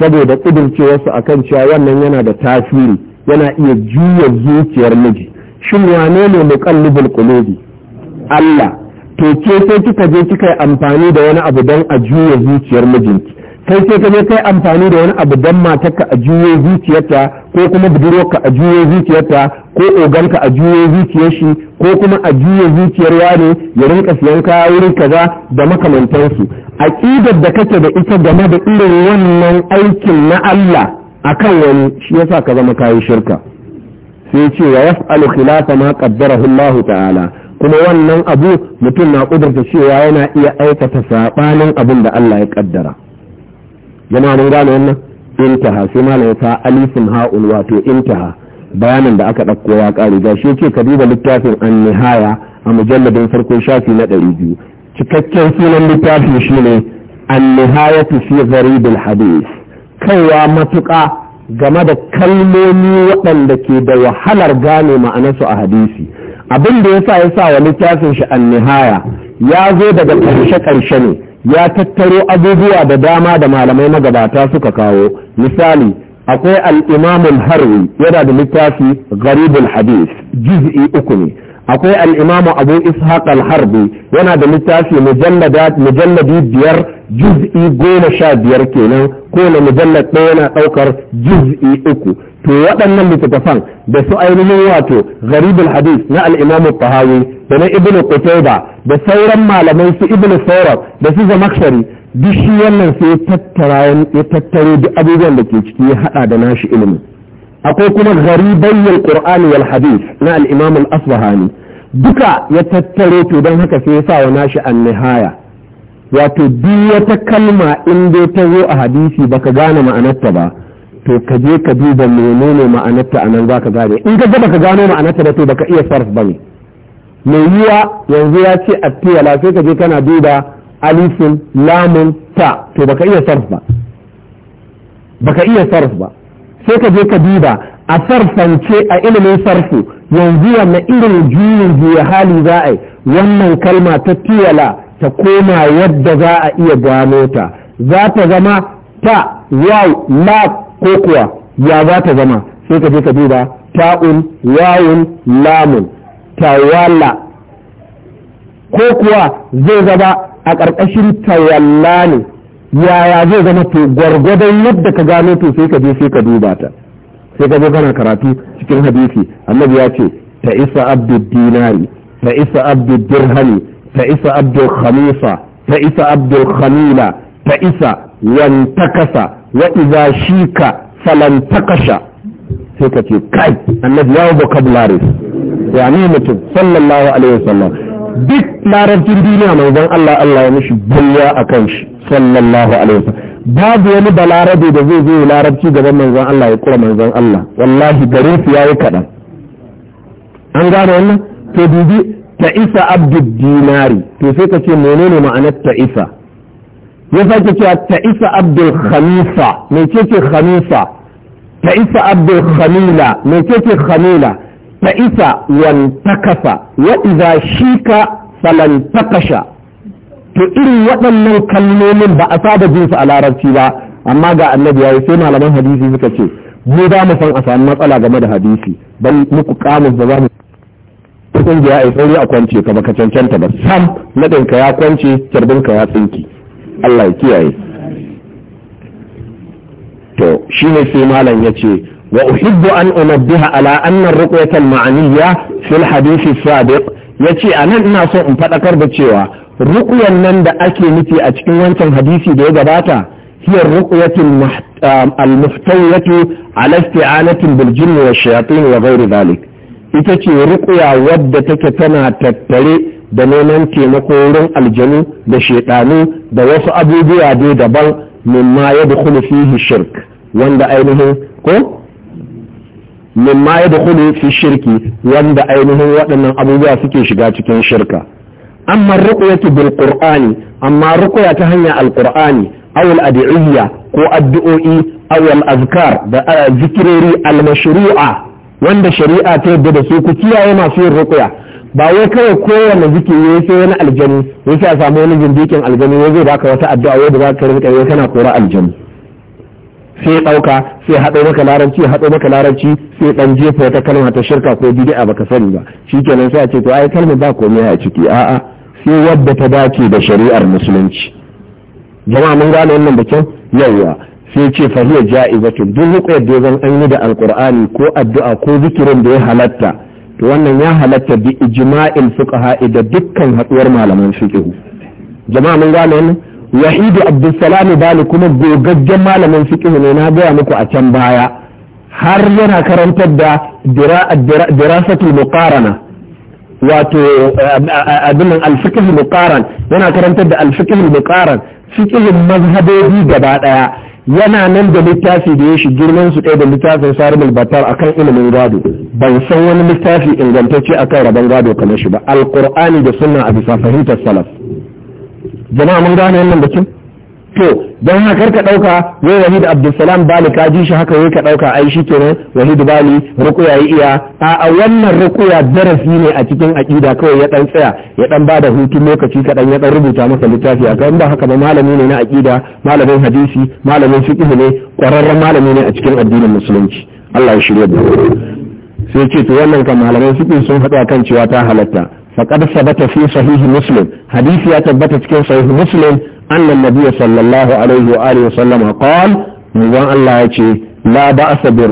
saboda kudircewar su kan cewa wannan yana da tasiri yana iya juya zuciyar miji shin wane ne muqallibul qulubi Allah to ke sai kika je kika yi amfani da wani abu don a juya zuciyar mijinki kai sai ka je kai amfani da wani abu don matarka a juya zuciyarta ko kuma budurwarka a juyo zuciyarta ko oganka a juyo zuciyar shi ko kuma a juyo zuciyar wane ya rinka siyan kaya wurin kaza da makamantansu aqidar da kake da ita game da irin wannan aikin na Allah akan wani shi yasa ka zama kayi shirka sai ce wa yas'alu khilafa ma qaddarahu Allah ta'ala kuma wannan abu mutum na kudurta cewa yana iya aikata sabanin abin da Allah ya kaddara jama'a mun gane wannan intaha sai malam ya sa alifin ha'ul wato intaha bayanin da aka ɗauko ya ƙare ga shi ce ka duba littafin an nihaya a mujalladin farko shafi na ɗari biyu cikakken sunan littafin shine an nihayatu fi gharibul hadith kaiwa matuƙa game da kalmomi waɗanda ke da wahalar gane ma'anarsu a hadisi abin da ya sa ya sa wa littafin shi an nihaya ya zo daga ƙarshe ƙarshe ne ya tattaro abubuwa da dama da malamai magabata suka kawo misali akwai al-imamul harwi yana da littafi garibul hadith juz'i uku ne akwai al'imamu abu ishaq al-harbi yana da littafi mujalladi biyar juz'i goma sha biyar kenan kowane mujallad ɗaya yana ɗaukar juz'i uku to waɗannan littattafan da su ainihin wato garibul hadis na al'imamu tahawi da na ibn qutayba da sauran malamai su ibn sauran da su zamakshari duk shi wannan sai ya tattara ya tattaro duk abubuwan da ke ciki ya haɗa da nashi ilimi akwai kuma garibayyar qur'ani wal hadith na al-imam duka ya tattare to don haka sai ya sa wa nashi an-nihaya wato duk wata kalma in dai ta zo a hadisi baka gane ma'anarta ba to ka je ka duba menene ma'anarta a anan zaka gane in ka ga baka gano ma'anarta ba to baka iya sarf ne mai yiwa yanzu ya ce a attiyala sai ka je kana duba alifin lamun ta to baka iya sarf ba baka iya sarf ba sai ka je ka duba a sarfance a ilimin sarfu yanzu wanne irin juyin juya hali za a yi wannan kalma ta tiyala ta koma yadda za a iya gano ta za ta zama ta yau la ko kuwa ya za ta zama sai ka je ka duba ta'un yawun lamun tawalla ko kuwa zai zama a ƙarƙashin tawalla ne yaya zai zama to gwargwadon yadda ka gano to sai ka je sai ka duba ta sai ka zo kana karatu cikin hadisi annabi ya ce ta isa abdul dinari ta isa abdul dirhami ta isa abdul khamisa ta isa abdul khamila ta isa wan takasa wa idza shika falan takasha sai ka ce kai annabi ya vocabularies ya ne mutum sallallahu alaihi wasallam duk larabcin duniya manzon Allah Allah ya mishi bulla a kan shi sallallahu alaihi wasallam babu wani balarabe da zai zo larabci gaban manzon Allah ya kura manzon Allah wallahi garin su yayi kaɗan an gane wannan to dubi ta isa abdu dinari to sai ka ce menene ma'anar ta isa ya sake cewa ta isa abdul khamisa me ce ce khamisa ta isa khamila ce ce khamila isa wantakasa wa iza shika falantakasha to irin waɗannan kalmomin ba a saba jin su a larabci ba amma ga annabi yayi sai malaman hadisi suka ce mu ba mu san a samu matsala game da hadisi ban muku kamus ba za mu kusan ya yi sauri a kwance ka baka cancanta ba sam nadin ka ya kwance kirbin ka ya tsinki Allah ya kiyaye to shine sai malam ya ce وأحب أن أنبه على أن الرقية المعنية في الحديث السابق يتي أنا الناس أنفتكر بتشيوا رقية نند أكي نتي أتكين وانتم حديثي دي جباتا هي الرقية المحتوية على استعانة بالجن والشياطين وغير ذلك إتتي رقية ودتك تنا تتري da neman taimako wurin aljanu da shekanu da wasu abubuwa dai daban mimma ya dukulu fihi shirk wanda ainihin ko mimma ya da kudu fi shirki wanda ainihin waɗannan abubuwa suke shiga cikin shirka amma ruqyatu bil qur'ani amma ruqya ta hanyar alqur'ani aw al ad'iyya ko addu'o'i aw al azkar da eh, zikirori al mashru'a wanda shari'a ta yadda da su ku kiyaye masu yin ruqya ba wai kawai kowane zikiri ya sai wani aljanu ya sai a samu wani jindikin aljanu ya zai baka wata addu'a wanda za ka rinka yi kana kora aljanu sai ya ɗauka sai ya haɗo maka laranci ya haɗo maka laranci sai ɗan jefa wata kalma ta shirka ko bid'a baka sani ba shi kenan sai a ce to ai kalma ba komai a ciki a'a sai wadda ta dace da shari'ar musulunci jama'a mun gane wannan da kyau yawwa sai ce fahiyar ja'ibatun duk ruƙuyar da zan an yi da alqur'ani ko addu'a ko zikirin da ya halatta to wannan ya halatta bi ijma'il fuqaha da dukkan haɗuwar malaman fiqh jama'a mun gane wannan Yahidi abdulsalam bali kuma gogaggen malamin fiqh ne na gaya muku a can baya har yana karantar da dirasatul muqarana wato eh, abin alfiqh muqaran yana karantar da alfiqh muqaran fiqhin mazhabobi gaba daya yana nan da littafi da ya shi girman su ɗaya da littafin saribul batar akan ilimin gado ban san wani littafi ingantacce akan rabon gado kamar shi ba alqur'ani da sunna a bisa fahimtar salaf jama'a mun gane wannan bakin to don haka ka dauka wai wahid abdulsalam bali ka ji shi haka wai ka dauka ai shi kenan wahid bali rukuya yi iya a wannan rukuya darasi ne a cikin aqida kawai ya dan tsaya ya dan bada hutu lokaci kadan ya dan rubuta masa littafi a kan ba haka ba malami ne na aqida malamin hadisi malamin fiqh ne kwararren malami ne a cikin addinin musulunci Allah ya shirye da sai ce to wannan kan malaman fiqh sun haɗu kan cewa ta halatta karsa sabata fi sahih muslim hadisi ya tabbata cikin sahih muslim anna nabiy sallallahu alaihi wa wa sallam qala manzon Allah ya ce la ba'sa bir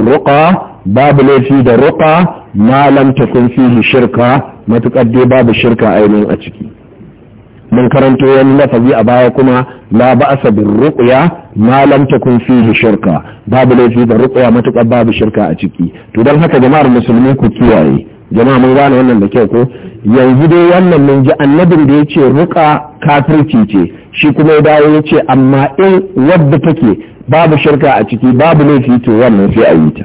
babu laifi da ruqa ma lam takun fihi shirka matukar dai babu shirka ainihin a ciki mun karanto wani lafazi a baya kuma la ba'sa bir ruqya ma lam takun shirka babu laifi da ruqya babu shirka a ciki to don haka jama'ar musulmi ku jama'a mun gane wannan da kyau ko yanzu dai wannan mun ji annabin da ya ce ruka kafirci ce shi kuma ya dawo ya ce amma in wadda take babu shirka a ciki babu laifi to wannan sai a yi ta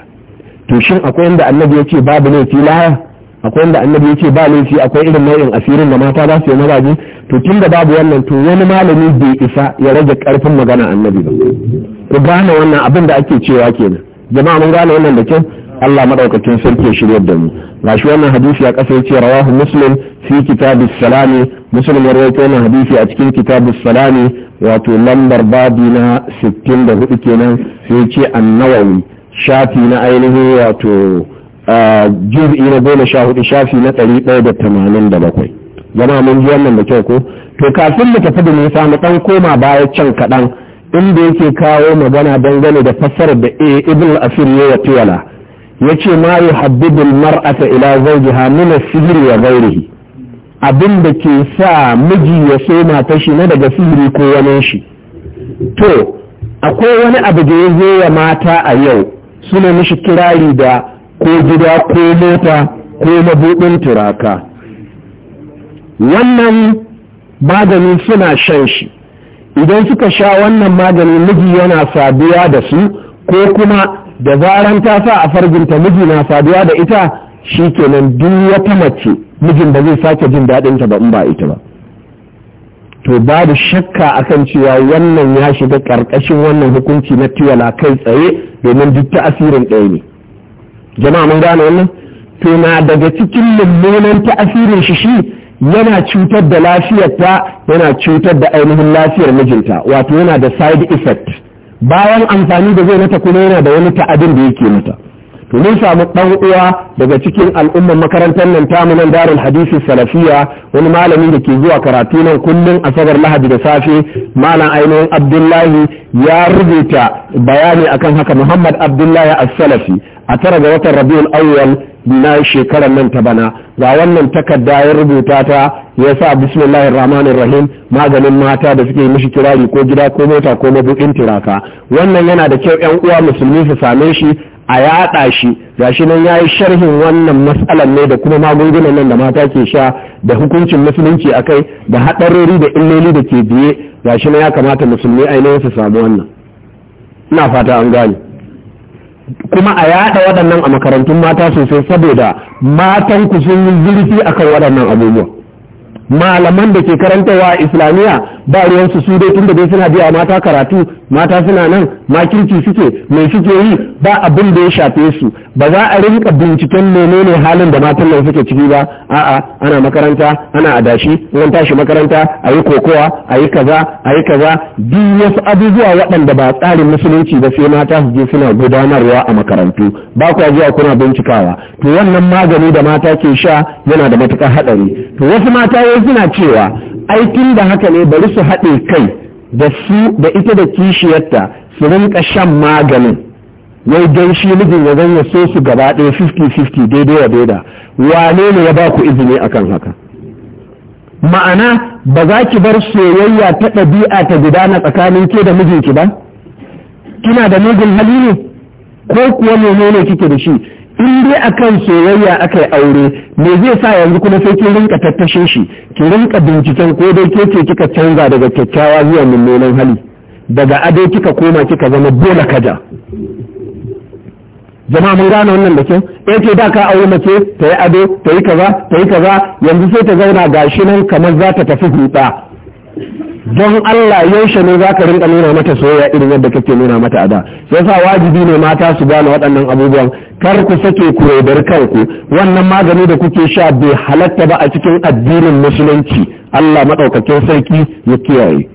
to shin akwai inda annabi ya ce babu laifi laya akwai inda annabi ya ce ba laifi akwai irin nau'in asirin da mata za su yi mazaje to tun da babu wannan to wani malami bai isa ya rage karfin magana annabi ba ku gane wannan abin da ake cewa kenan jama'a mun gane wannan da kyau Allah madaukakin sarki ya shiryar da mu gashi wannan hadisi a kasa yace rawahu muslim fi kitabis salami muslim ya rawaito wannan hadisi a cikin kitabis salami wato lambar babi na 64 kenan sai yace an-nawawi shafi na ainihin wato juz'i na goma sha hudu shafi na ɗari ɗaya da tamanin da bakwai zama mun ji wannan da kyau ko to kafin mu tafi da nisa mu ɗan koma baya can kaɗan inda yake kawo magana dangane da fassarar da eh, ibn asir ya wa yace ma yuhabbibu mar'ata ila zawjiha min as-sihr wa ghayrihi abin da ke sa miji ya so mata shi na daga sihiri ko wani shi to akwai wani abu da ya zo ya mata a yau suna mishi kirari da ko gida ko mota ko mabuɗin turaka wannan maganin suna shan shi idan suka sha wannan magani miji yana saduwa da su ko kuma da zaran ta sa a farginta miji na saduwa da ita shi kenan duk wata mace mijin ba zai sake jin daɗinta ba in ba ita ba to babu shakka akan cewa wannan ya shiga ƙarƙashin wannan hukunci na tiwala kai tsaye domin duk ta asirin ɗaya ne jama'a mun gane wannan to na daga cikin mummunan ta asirin shi shi yana cutar da lafiyarta yana cutar da ainihin lafiyar mijinta wato yana da side effect bayan amfani da zai mata kuma yana da wani ta'adin da yake mata to mun samu dan uwa daga cikin al'ummar makarantar nan tamu nan darul hadisi salafiya wani malami da ke zuwa karatu nan kullun asabar lahadi da safe malam ainihin abdullahi ya rubuta bayani akan haka muhammad abdullahi as-salafi a tara ga watan rabiul awwal na shekarar nan ta bana ga wannan takarda ya rubuta ta ya sa rahman rahmanir rahim maganin mata da suke mishi kirari ko gida ko mota ko mabuɗin tiraka wannan yana da kyau yan uwa musulmi su same shi a yaɗa shi shi nan yi sharhin wannan matsalar ne da kuma magungunan nan da mata ke sha da hukuncin musulunci a kai da haɗarori da illoli da ke biye shi nan ya kamata musulmi ainihin su samu wannan ina fata an gane kuma a yada waɗannan a makarantun mata sosai saboda matan ku sun yi zurfi akan waɗannan abubuwa malaman da ke karantawa islamiyya ba ruwansu su dai tun da dai suna biya mata karatu mata suna nan makirci suke mai suke yi ba abin da ya shafe su ba za a rinka binciken menene halin da matan nan suke ciki ba a'a ana makaranta ana adashi in tashi makaranta a yi kokowa a yi kaza a yi kaza duk wasu abubuwa waɗanda ba tsarin musulunci ba sai mata su je suna gudanarwa a makarantu ba kwa zuwa kuna bincikawa to wannan magani da mata ke sha yana da matuƙar haɗari to wasu mata yau suna cewa aikin da haka ne bari su haɗe kai da su da ita da kishiyarta su rinka shan maganin wai don shi mijin ya zanya so su gaba ɗaya 50-50 daidai wa daida wane ne ya ba ku izini akan haka ma'ana ba za ki bar soyayya ta ɗabi'a ta gudana tsakanin ke da mijinki ba kina da mijin hali ne ko kuwa menene kike da shi in dai akan soyayya aka yi aure me zai sa yanzu kuma sai kin rinka tattashe shi ki rinka binciken ko dai ke ce kika canza daga kyakkyawa zuwa mummunan hali daga adai kika koma kika zama dole kaja zama mun gane wannan da kyau ɗaya eh, ce da ka aure mace ta yi ado ta yi kaza ta yi kaza yanzu sai ta zauna gashi nan kamar za ta tafi hutsa don Allah yaushe ne za ka rinka nuna mata soyayya irin yadda kake nuna mata a da sa wajibi ne mata su gane waɗannan abubuwan kar ku sake ku yaudar kanku wannan magani da kuke sha bai halatta ba a cikin addinin musulunci Allah maɗaukakin sarki ya kiyaye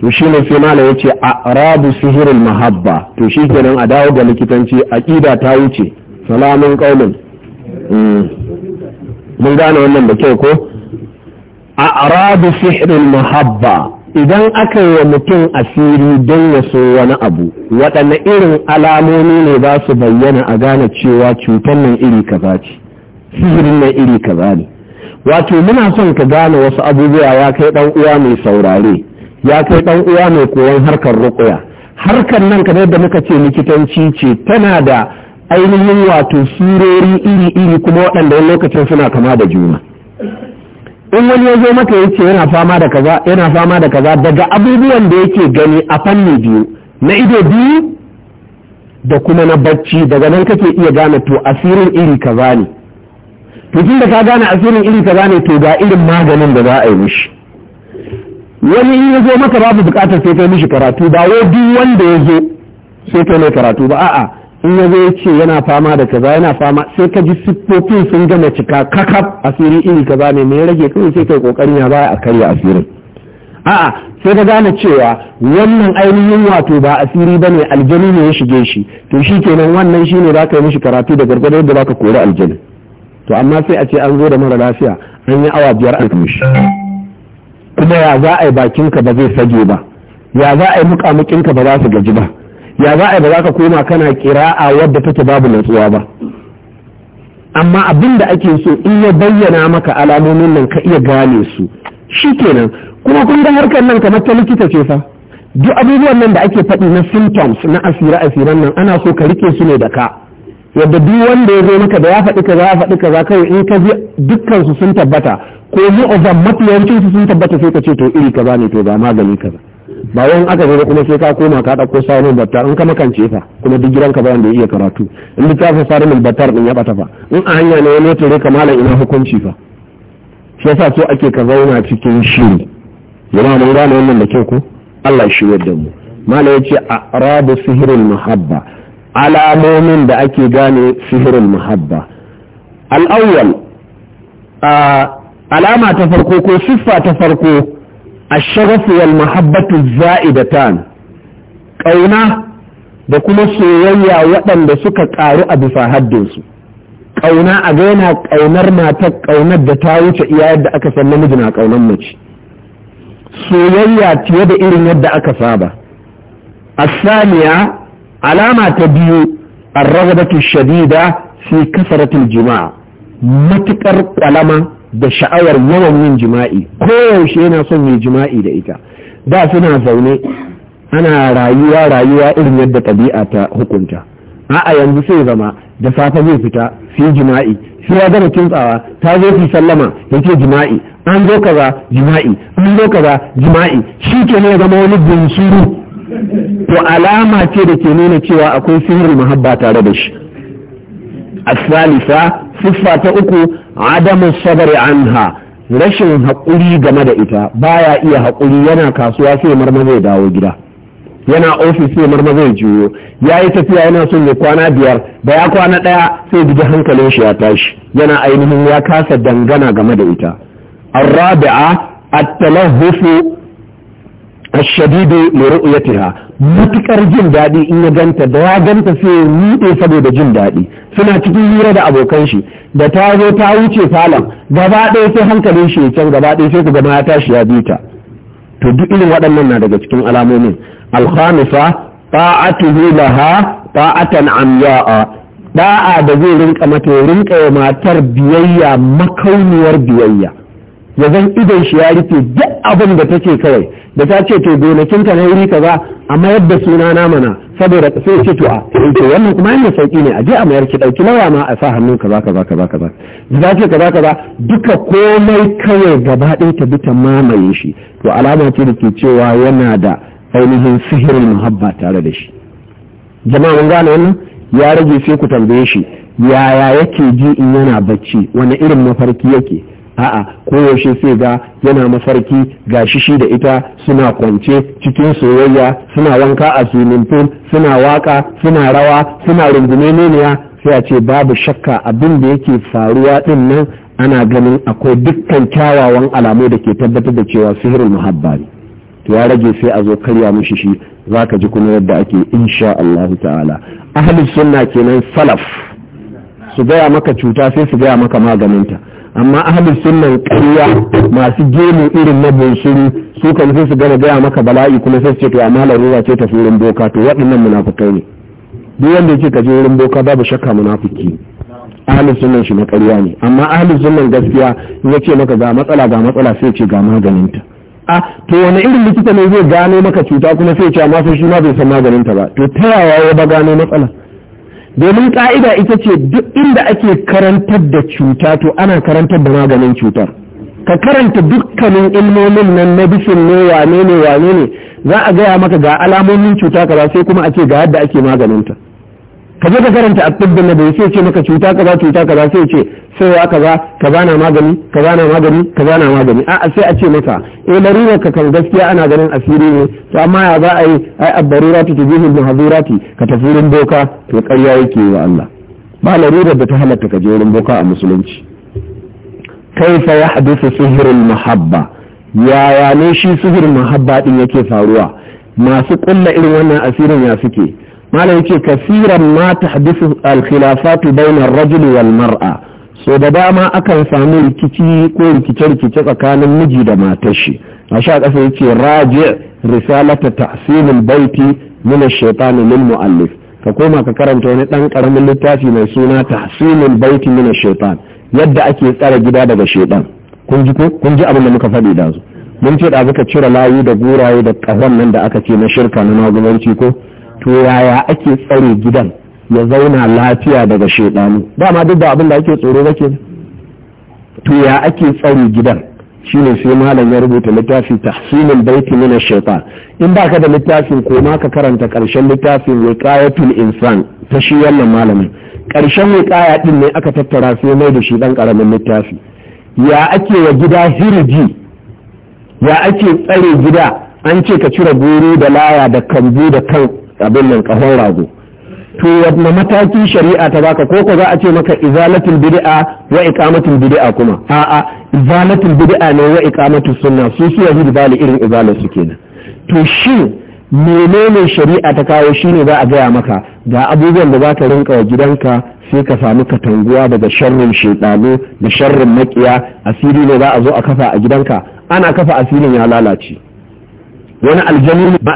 to shi ne sai malam yace a rabu sihirin mahabba to shi kenan a dawo ga likitanci aqida ta wuce salamun ƙaunin. Hmm. mun gane wannan da kyau ko a arabu sihirin mahabba idan aka yi wa mutum asiri don ya so wani abu waɗanne irin alamomi ne za su bayyana a gane cewa cutar nan iri kaza ce sihirin nan iri kaza ne wato muna son ka gane wasu abubuwa ya kai ɗan uwa mai saurare ya kai ɗan uwa mai koyon harkar rukuya harkar nan kamar da muka ce likitanci ce tana da ainihin wato surori iri iri kuma waɗanda lokacin suna kama da juna in wani ya zo maka ya ce yana fama da kaza yana fama da kaza daga abubuwan da yake gani a fanni biyu na ido biyu da kuma na bacci daga nan kake iya gane to asirin iri kaza ne to tun da ka gane asirin iri kaza ne to ga irin maganin da za a yi mishi wani in ya zo maka babu bukatar sai kai mishi karatu ba wai duk wanda ya zo sai kai mai karatu ba a'a in ya zo ya ce yana fama da kaza yana fama sai ka ji siffofin sun gama cika kakaf asiri iri kaza ne mai rage kawai sai kai kokarin ya baya a karya asirin a'a sai ka gane cewa wannan ainihin wato ba asiri bane aljani ne ya shige shi to shi kenan wannan shine za ka yi mishi karatu da gargado yadda zaka kori aljani to amma sai a ce an zo da mara lafiya an yi awa biyar an kamshi kuma ya za a yi bakinka ba zai sage ba ya za a yi ba za su gaji ba ya za a ba za ka koma kana a wadda take babu natsuwa ba amma abin da ake so in ya bayyana maka alamomin nan ka iya gane su shi kenan kuma kun ga harkar nan kamar ta likita ce fa duk abubuwan nan da ake faɗi na symptoms na asira asiran nan ana so ka rike su ne da ka yadda duk wanda ya zo maka da ya faɗi kaza ya faɗi kaza kawai in ka ji dukkan su sun tabbata ko mu'azzam mafi yawancin su sun tabbata sai ka ce to iri kaza ne to ga magani kaza ba wani aka zo kuma sai ka koma ka dauko samun batta in ka makance fa kuma duk gidanka bayan wanda iya karatu in littafin samun battar din ya bata fa in a hanya ne wani tare ka malam ina hukunci fa shi yasa so ake ka zauna cikin shiri jama'a mun gane wannan da kyau ko Allah shi yarda mu malam yace rabu sihirul muhabba alamomin da ake gane sihirul muhabba al-awwal alama ta farko ko siffa ta farko الشغف والمحبة الزائدتان Ƙauna da kuma soyayya waɗanda suka ƙaru a bisa haddinsu ƙauna a ga yana ƙaunar matar ƙaunar da ta wuce iya yadda aka san namiji na ƙaunar mace soyayya fiye da irin yadda aka saba asaniya alama ta biyu a arrabatu shadida fi kasaratul jima'a matuƙar ƙwalama da sha'awar yawan yin jima'i koyaushe yana son yi jima'i da ita da suna zaune ana rayuwa rayuwa irin yadda ɗabi'a ta hukunta a'a yanzu sai zama da safe zai fita sai jima'i sai ya gama kintsawa ta zo fi sallama ya ce jima'i an zo kaza jima'i an zo kaza jima'i shi ke ne zama wani bunsuru to alama ce da ke nuna cewa akwai sihir muhabba tare da shi asalisa siffa ta uku adamu sabari anha rashin haƙuri game da ita baya iya haƙuri yana kasuwa sai marma zai dawo gida yana ofis sai marma zai juyo ya yi tafiya yana son ya kwana biyar da ya kwana ɗaya sai bigi hankalin shi ya tashi yana ainihin ya kasa dangana game da ita at التلهف ashadidu li ru'yatiha matukar jin daɗi in ya ganta da ya ganta sai ya saboda jin daɗi suna cikin hira da abokan shi da ta zo ta wuce falon gaba ɗaya sai hankalin shi ya can gaba ɗaya sai ku gama ya tashi ya bita ta to duk irin waɗannan na daga cikin alamomin alhamisa ta'atuhu laha ta'atan amya'a da'a da zai rinka mata ya rinka ya matar biyayya makauniyar biyayya ya zan idan shi ya rufe duk abin da take kawai da ta ce to gonakin ta na wuri kaza a mayar da suna na mana saboda sai ce to a eh, to wannan kuma yana sauki ne a je a mayar ki dauki nawa ma a sa hannu kaza kaza kaza kaza da ta ce kaza kaza duka komai kawai gaba ɗaya ta bi ta mamaye shi to alama ce da ke cewa yana da ainihin sihirin muhabba tare da shi jama'a mun gane wannan ya rage sai ku tambaye shi yaya yake ji in yana bacci wani irin mafarki yake a'a koyaushe sai ga yana mafarki ga shi da ita suna kwance cikin soyayya suna wanka a swimming tun, suna waka suna rawa suna rungume meniya sai a ce babu shakka abin da yake faruwa din nan ana ganin akwai dukkan kyawawan alamu da ke tabbatar da cewa sihirin muhabba ne to ya rage sai a zo karya mishi shi zaka ji kuma yadda ake insha Allah ta'ala ahlus sunna kenan salaf su gaya maka cuta sai su gaya maka maganinta amma ahalin sunan kariya masu gemu irin na bunsuru su kan sai su gana gaya maka bala'i kuma sai su ce to amma larura ce ta wurin boka to waɗannan munafukai ne duk wanda yake ka je wurin boka babu shakka munafiki ahalin sunnan shi na kariya ne amma ahalin sunan gaskiya in ya ce maka ga matsala ga matsala sai ce ga maganinta a to wani irin likita ne zai gano maka cuta kuma sai ce amma sai shi ma bai san maganinta ba to ta yaya ya ba gano matsala domin ƙa'ida ita ce duk inda ake karantar da cuta to ana karantar da maganin cutar ka karanta dukkanin ilmomin nan na bishin ne wane ne wane ne za a gaya maka ga alamomin cuta kaza sai kuma ake ga yadda ake maganinta ka je ka karanta a tibbin da sai ce maka cuta kaza cuta kaza sai ce sai kaza kaza na magani kaza na magani kaza na magani a sai a ce maka eh larura ka kan gaskiya ana ganin asiri ne to amma ya za a yi ai abbarurati tujihu bi ka tafi wurin boka to ƙarya yake wa Allah ba larura da ta halatta ka je wurin boka a musulunci kaifa yahdathu sihrul mahabba yaya ne shi sihirin mahabba din yake faruwa masu kulla irin wannan asirin ya suke malam yake kafiran ma tahdisu al-khilafatu bayna ar wal mar'a so da dama akan samu rikici ko rikice-rikice tsakanin miji da matar shi a sha ƙasa yake raji risalata tahsinul baiti min ash-shaytan lil mu'allif ka koma ka karanta wani dan karamin littafi mai suna tahsinul baiti min ash-shaytan yadda ake tsara gida daga shaytan kun ji ko kun ji abin da muka faɗi da su mun ce da aka cire layu da guraye da ƙahon nan da aka ce na shirka na magudanci ko to yaya ake tsare gidan ya zauna lafiya daga shaidanu dama duk da abin da ake tsoro kake to ya ake tsare gidan shine sai malam ya rubuta littafi tahsinul baiti min ash-shaytan in baka da littafin ko ma ka karanta karshen littafin wiqayatul insan ta shi wannan malamin karshen wiqaya din ne aka tattara sai mai da shi dan karamin littafi ya ake wa gida hirji ya ake tsare gida an ce ka cire goro da laya da kambu da kan abin nan kahon rago to wadda mataki shari'a ta baka ko ko za a ce maka izalatul bid'a wa iqamatul bid'a kuma a'a izalatul bid'a ne wa iqamatul sunna su su irin izalar su kenan to shi menene shari'a ta kawo shi ne za a gaya maka ga abubuwan da zaka rinka wa gidanka sai ka samu katanguwa daga sharrin shedano da sharrin makiya asiri ne za a zo a kafa a gidanka ana kafa asirin ya lalace wani aljanu ba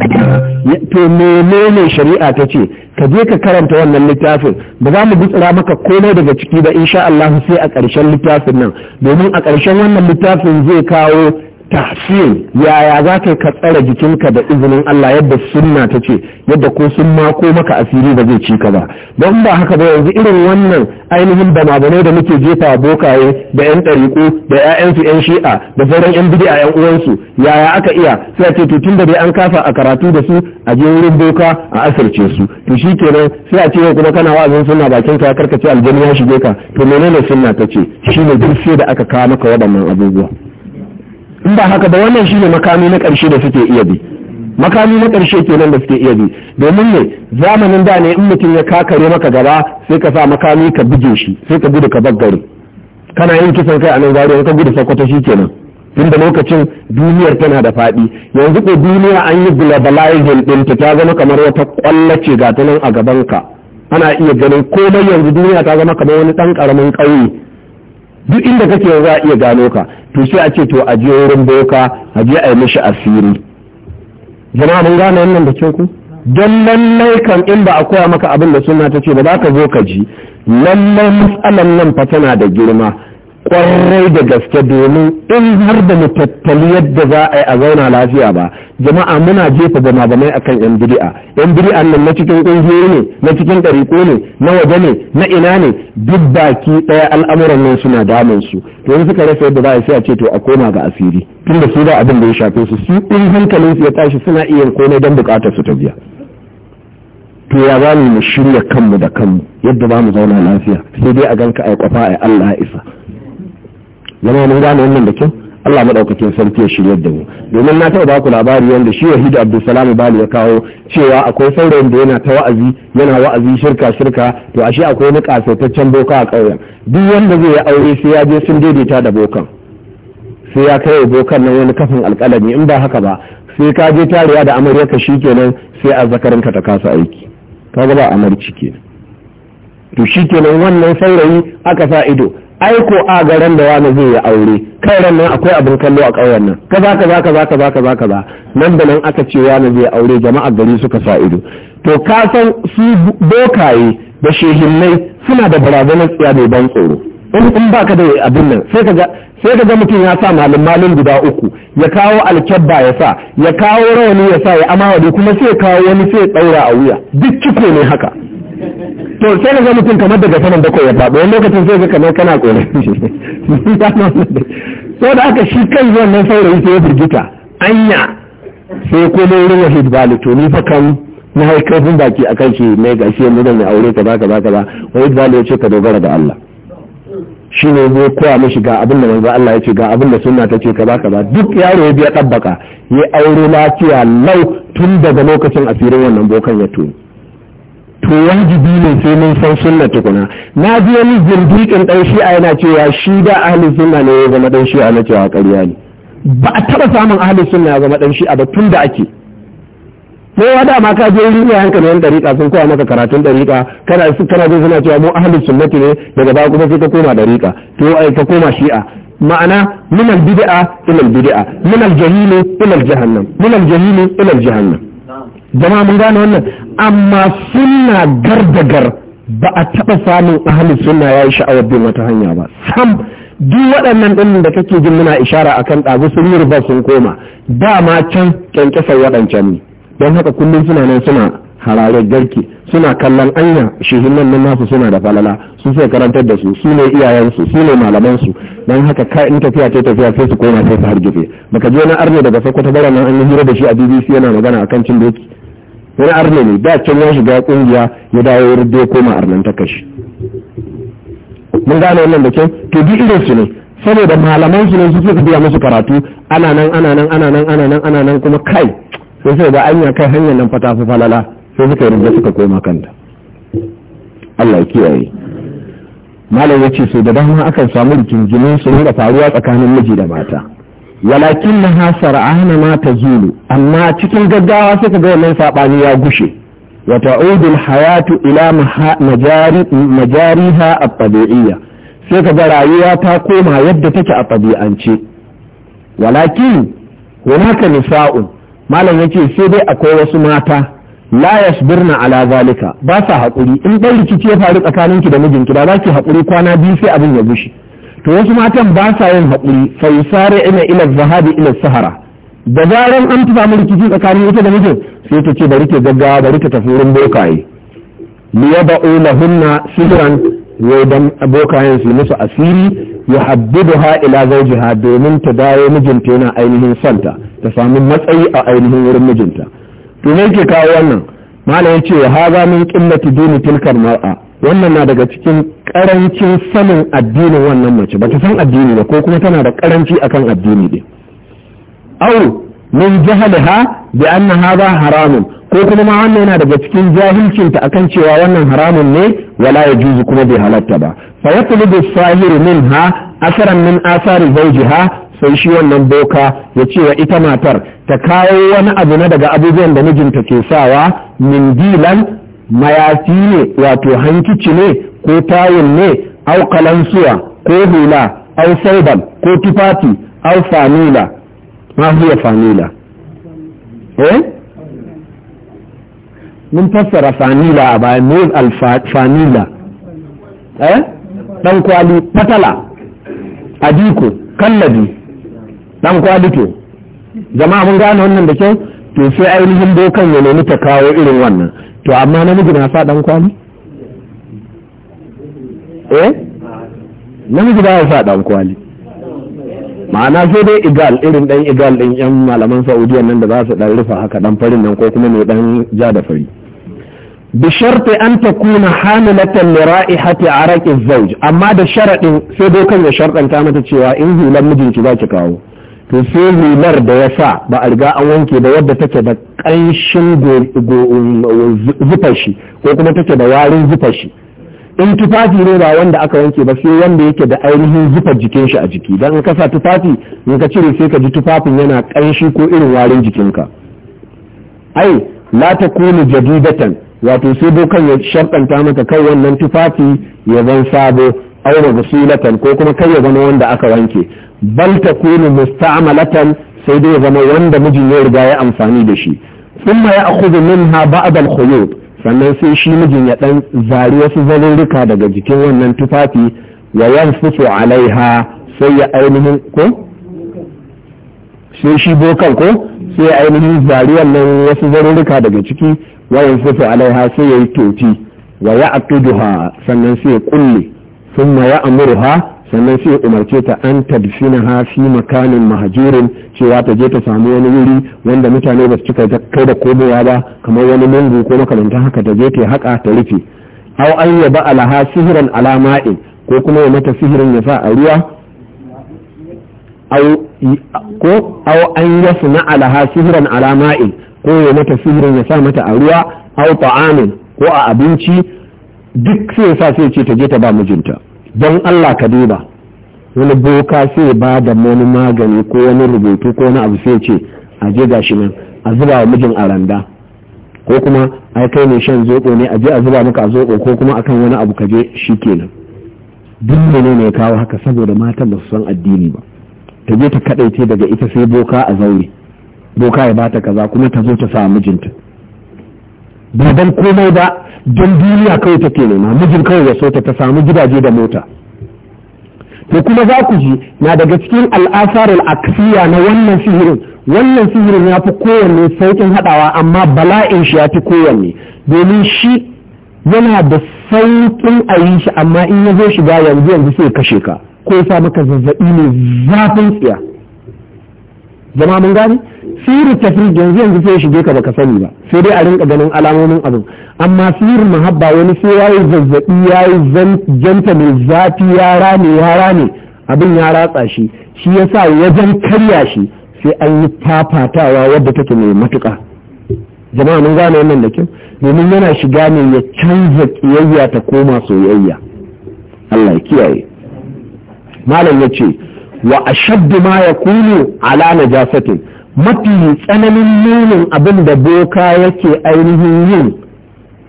to menene shari'a ta ce ka je ka karanta wannan littafin ba za mu gutsura maka komai daga ciki ba insha Allah sai a ƙarshen littafin nan domin a ƙarshen wannan littafin zai kawo tahsin yaya za ka ka tsara jikinka da izinin Allah yadda sunna ta ce yadda ko sun mako maka asiri ba zai ci ka ba don ba haka ba yanzu irin wannan ainihin da mabanai da muke jefa bokaye da yan ɗariƙo da 'ya'yansu yan shi'a da sauran yan bidi a yan uwansu yaya aka iya sai a ce to da dai an kafa a karatu da su a je wurin boka a asirce su to shi kenan, sai a ce kuma kana wa'azin sunna bakin ka karkace aljanna ya shige ka to menene sunna ta ce shine duk sai da aka kawo maka waɗannan abubuwa in ba haka ba wannan shine makami na ƙarshe da suke iya bi makami na ƙarshe kenan da suke iya bi domin ne zamanin da ne in mutum ya kakare maka gaba sai ka sa makami ka buge shi sai ka gudu ka baggare kana yin kisan kai a nan zariya ka gudu sakwata shi kenan tunda lokacin duniyar tana da faɗi yanzu ko duniya an yi globalizing ɗinta ta zama kamar wata ƙwallace ga ta nan a gaban ka ana iya ganin komai yanzu duniya ta zama kamar wani ɗan ƙaramin ƙauye duk inda kake za a iya gano ka to sai a ce to a je wurin boka a je a yi mishi asiri jama mun gane wannan da kyau ku don lallai kan in ba a koya maka abin da suna ta ce ba za ka zo ka ji lallai matsalan nan fa tana da girma kwarai da gaske domin in har da mu tattali yadda za a yi a zauna lafiya ba jama'a muna jefa gama a akan yan biri'a yan bid'a nan na cikin kungiyoyi ne na cikin ɗariko ne na waje ne na ina ne duk baki ɗaya al'amuran nan suna damun su to yanzu suka rasa yadda za a sai a ce to a koma ga asiri tunda su da abin da ya shafe su su in hankalin su ya tashi suna iya komai don buƙatar su ta biya to ya za mu shirya kanmu da kanmu yadda za mu zauna lafiya sai dai a ganka a kwafa a Allah ya isa zama mun gane wannan da kyau Allah madaukakin sarki ya shiryar da mu domin na taɓa baku labari wanda shi Wahid Abdulsalam Bali ya kawo cewa akwai saurayin da yana ta wa'azi yana wa'azi shirka shirka to ashe akwai wani kasaitaccen boka a ƙauyen duk wanda zai yi aure sai ya je sun daidaita da bokan sai ya kai bokan nan wani kafin alƙalami in ba haka ba sai ka je tarewa da ka shikenan sai ka ta kasa aiki kaga ba amarci kenan to shi kenan wannan saurayi aka sa ido aiko a garan da wani zai yi aure kai ran nan akwai abin kallo a ƙauyen nan kaza kaza kaza kaza kaza kaza nan da nan aka ce wani zai aure jama'a gari suka sa ido to ka san su bokaye da shehinnai suna da barazanar tsiya mai ban tsoro in ba ka da abin nan sai ka ga sai ka ga mutum ya sa malin malin guda uku ya kawo alkyabba ya sa ya kawo rawani ya sa ya amawali kuma sai ya kawo wani sai ya daura a wuya duk kiko ne haka to sai na ga mutum kamar daga sanin bakwai ya faɗo wani lokacin sai ga kamar kana kore sau da aka shi kan nan saurayi sai ya firgita anya sai ko wurin wahid bali to ni fa kan na haikafin baki a kan shi mai gashi yanzu zan aure ka baka baka ba wahid bali ya ce ka dogara da Allah shi ne zai koya mashi ga abin da manzo Allah ya ce ga abin da sunna ta ce baka ba duk yaro ya biya tabbaka ya aure lafiya lau tun daga lokacin asirin wannan bokan ya tuni to wajibi ne sai mun san sunna tukuna na ji wani zindiƙin ɗan shi'a yana cewa shi da ahlus sunna ne ya zama ɗan shi'a na cewa ƙarya ne ba a taɓa samun ahlus sunna ya zama ɗan shi'a ba tun da ake kowa da ma ka je wurin iyayen ka yan dariƙa sun koya maka karatun dariƙa kana su kana jin suna cewa mu ahlus sunnati ne daga baya kuma sai ka koma dariƙa to ai ka koma shi'a ma'ana min al bid'a ila al bid'a min al jahili ila al jahannam min al jahili ila al jahannam jama'a mun gane wannan amma sunna gardagar ba a taɓa samun ahalin suna ya yi sha'awar bin wata hanya ba sam duk waɗannan ɗin da kake jin muna ishara a kan ɗazu sun yi sun koma dama can kyankyasar waɗancan ne don haka kullum suna nan suna hararar garke suna kallon anya shehinan nan nasu suna da falala su sai karantar da su su ne iyayensu su ne malamansu don haka ka in tafiya ta tafiya sai su koma sai su hargitse baka je na arne daga sokoto bara nan an yi hira da shi a bbc yana magana akan cin doki wani arna ne da can ya shiga kungiya ya dawo rubbe koma arnan ta kashi mun gane wannan da kyau to duk irin su ne saboda malaman su ne su suka biya musu karatu ana nan ana nan ana nan ana nan ana nan kuma kai sai sai da anya kai hanyar nan fata su falala sai suka rubbe suka koma kanta Allah ya kiyaye malam ya ce sai da dama akan samu rikin jinin su ringa faruwa tsakanin miji da mata walakin na hasar ahana ma ta zulu amma cikin gaggawa sai ka ga wannan saɓani ya gushe wata ta'udul hayatu ila majariha a tabi'iyya sai ka ga rayuwa ta koma yadda take a tabi'ance walakin hunaka nisa'un malam yace sai dai akwai wasu mata la yasbirna ala zalika ba sa haƙuri in ɗan rikici ya faru tsakaninki da mijinki da za ki haƙuri kwana biyu sai abin ya gushe to wasu matan ba sa yin haƙuri fa yusari ina ila zahabi ila sahara da zaran an tuba mu rikici tsakanin ita da mijin sai ta ce bari ta gaggawa bari ta tafi wurin bokaye liyaba'u lahunna sihran wai dan bokayen su musu asiri yuhabbiduha ila zawjiha domin ta dawo mijinta yana ainihin santa ta samu matsayi a ainihin wurin mijinta to me yake kawo wannan malam yace wa hadha min qillati dini tilkar mar'a wannan na daga cikin karancin sanin addinin wannan mace ba ta san addini ba ko kuma tana da karanci akan addini ne au min jahalaha bi anna hadha haramun ko kuma ma wannan yana daga cikin jahilcinta akan cewa wannan haramun ne wala ya juzu kuma bai halatta ba fa yatlubu sahir minha asaran min asari zawjiha sai shi wannan boka ya ce wa ita matar ta kawo wani abu na daga abubuwan da mijinta ke sawa min dilan mayafi ne wato hankici ne ko tayin ne au kalansuwa ko hula au sauban ko tufafi au fanila ma huwa fanila eh mun fassara fanila a bayan mun alfanila eh dan kwali fatala adiko kallabi dan kwali to jama'a mun gane wannan da kyau to sai ainihin dokan ya nemi ta kawo irin wannan to amma namiji na sa dan kwali eh namiji ba ya sa dan kwali ma'ana sai dai igal irin dan igal din yan malaman saudiya nan da za su dan rufa haka dan farin nan ko kuma mai dan ja da fari bi sharti an takuna hamilatan li ra'ihati araqi zawj amma da sharadin sai dai kan ya sharɗanta mata cewa in hulan mijinki zaki kawo to sai hular da ya sa ba a riga an wanke ba wadda take da ƙanshin zufa shi ko kuma take da warin zufa shi in tufafi ne ba wanda aka wanke ba sai wanda yake da ainihin zufa jikin shi a jiki dan in ka tufafi in ka cire sai ka ji tufafin yana ƙanshi ko irin warin jikinka ai la takunu jadidatan wato sai bokan ya sharɗanta maka kai wannan tufafi ya zan sabo aure basilatan ko kuma kai ya zama wanda aka wanke bal takunu musta'malatan sai dai zama wanda mijin ya riga ya amfani da shi Sun thumma ya'khudhu minha ba'd al-khuyut sannan sai shi mijin ya dan zari wasu zarurruka daga jikin wannan tufafi wa yanfusu alaiha sai ya ainihin ko sai shi bokan ko sai ya ainihin zari wannan wasu zarurruka daga ciki wa yanfusu alaiha sai ya yi toti wa ya'qiduha sannan sai ya kulle thumma ya'muruha sannan sai umarce ta an tadfina ha fi makanin mahajirin cewa ta je ta samu wani wuri wanda mutane ba su cika kai da komowa ba kamar wani mungu ko makamantan haka ta je ta haka ta rufe au an ba alaha sihiran alama'in ko kuma ya mata sihirin ya sa a ruwa ko au an suna alaha sihiran alama'in ko ya mata sihirin ya sa mata a ruwa au ta'amin ko a abinci duk sai ya sa sai ce ta je ta ba mijinta don Allah ka duba wani boka sai ba da wani magani ko wani rubutu ko wani abu sai ce a je shi nan a zuba wa mijin a randa ko kuma a kai ne shan zoɓo ne a je a zuba maka a zoɓo ko kuma akan wani abu ka je shi kenan duk mene ne kawo haka saboda matan ba su san addini ba ta je ta kaɗaice daga ita sai boka a zaure boka ya bata kaza kuma ta zo ta sa mijinta ba don komai ba don duniya kawai take nema mijin kawai ya so ta samu gidaje da mota to kuma za ku ji na daga cikin al'asarul aksiya na wannan sihirin wannan sihirin ya fi kowanne saukin haɗawa amma bala'in shi ya fi kowanne domin shi yana da saukin a yi shi amma in ya zo shiga yanzu yanzu sai kashe ka ko ya sa maka zazzaɓi mai zafin tsiya Zama mun gane sirri tafri yanzu yanzu sai shige ka baka sani ba sai dai a rinka ganin alamomin abin amma sirri mahabba wani sai yayi zazzabi yayi janta mai zafi ya rame ya rame abin ya ratsa shi shi yasa wajen karya shi sai an yi fafatawa wadda take mai matuƙa Zama mun gane wannan da kyau domin yana shiga ne ya canza kiyayya ta koma soyayya Allah ya kiyaye malam ya ce wa ashaddu ma yakunu ala najasatin mafi tsananin nunin abin da boka yake ainihin yin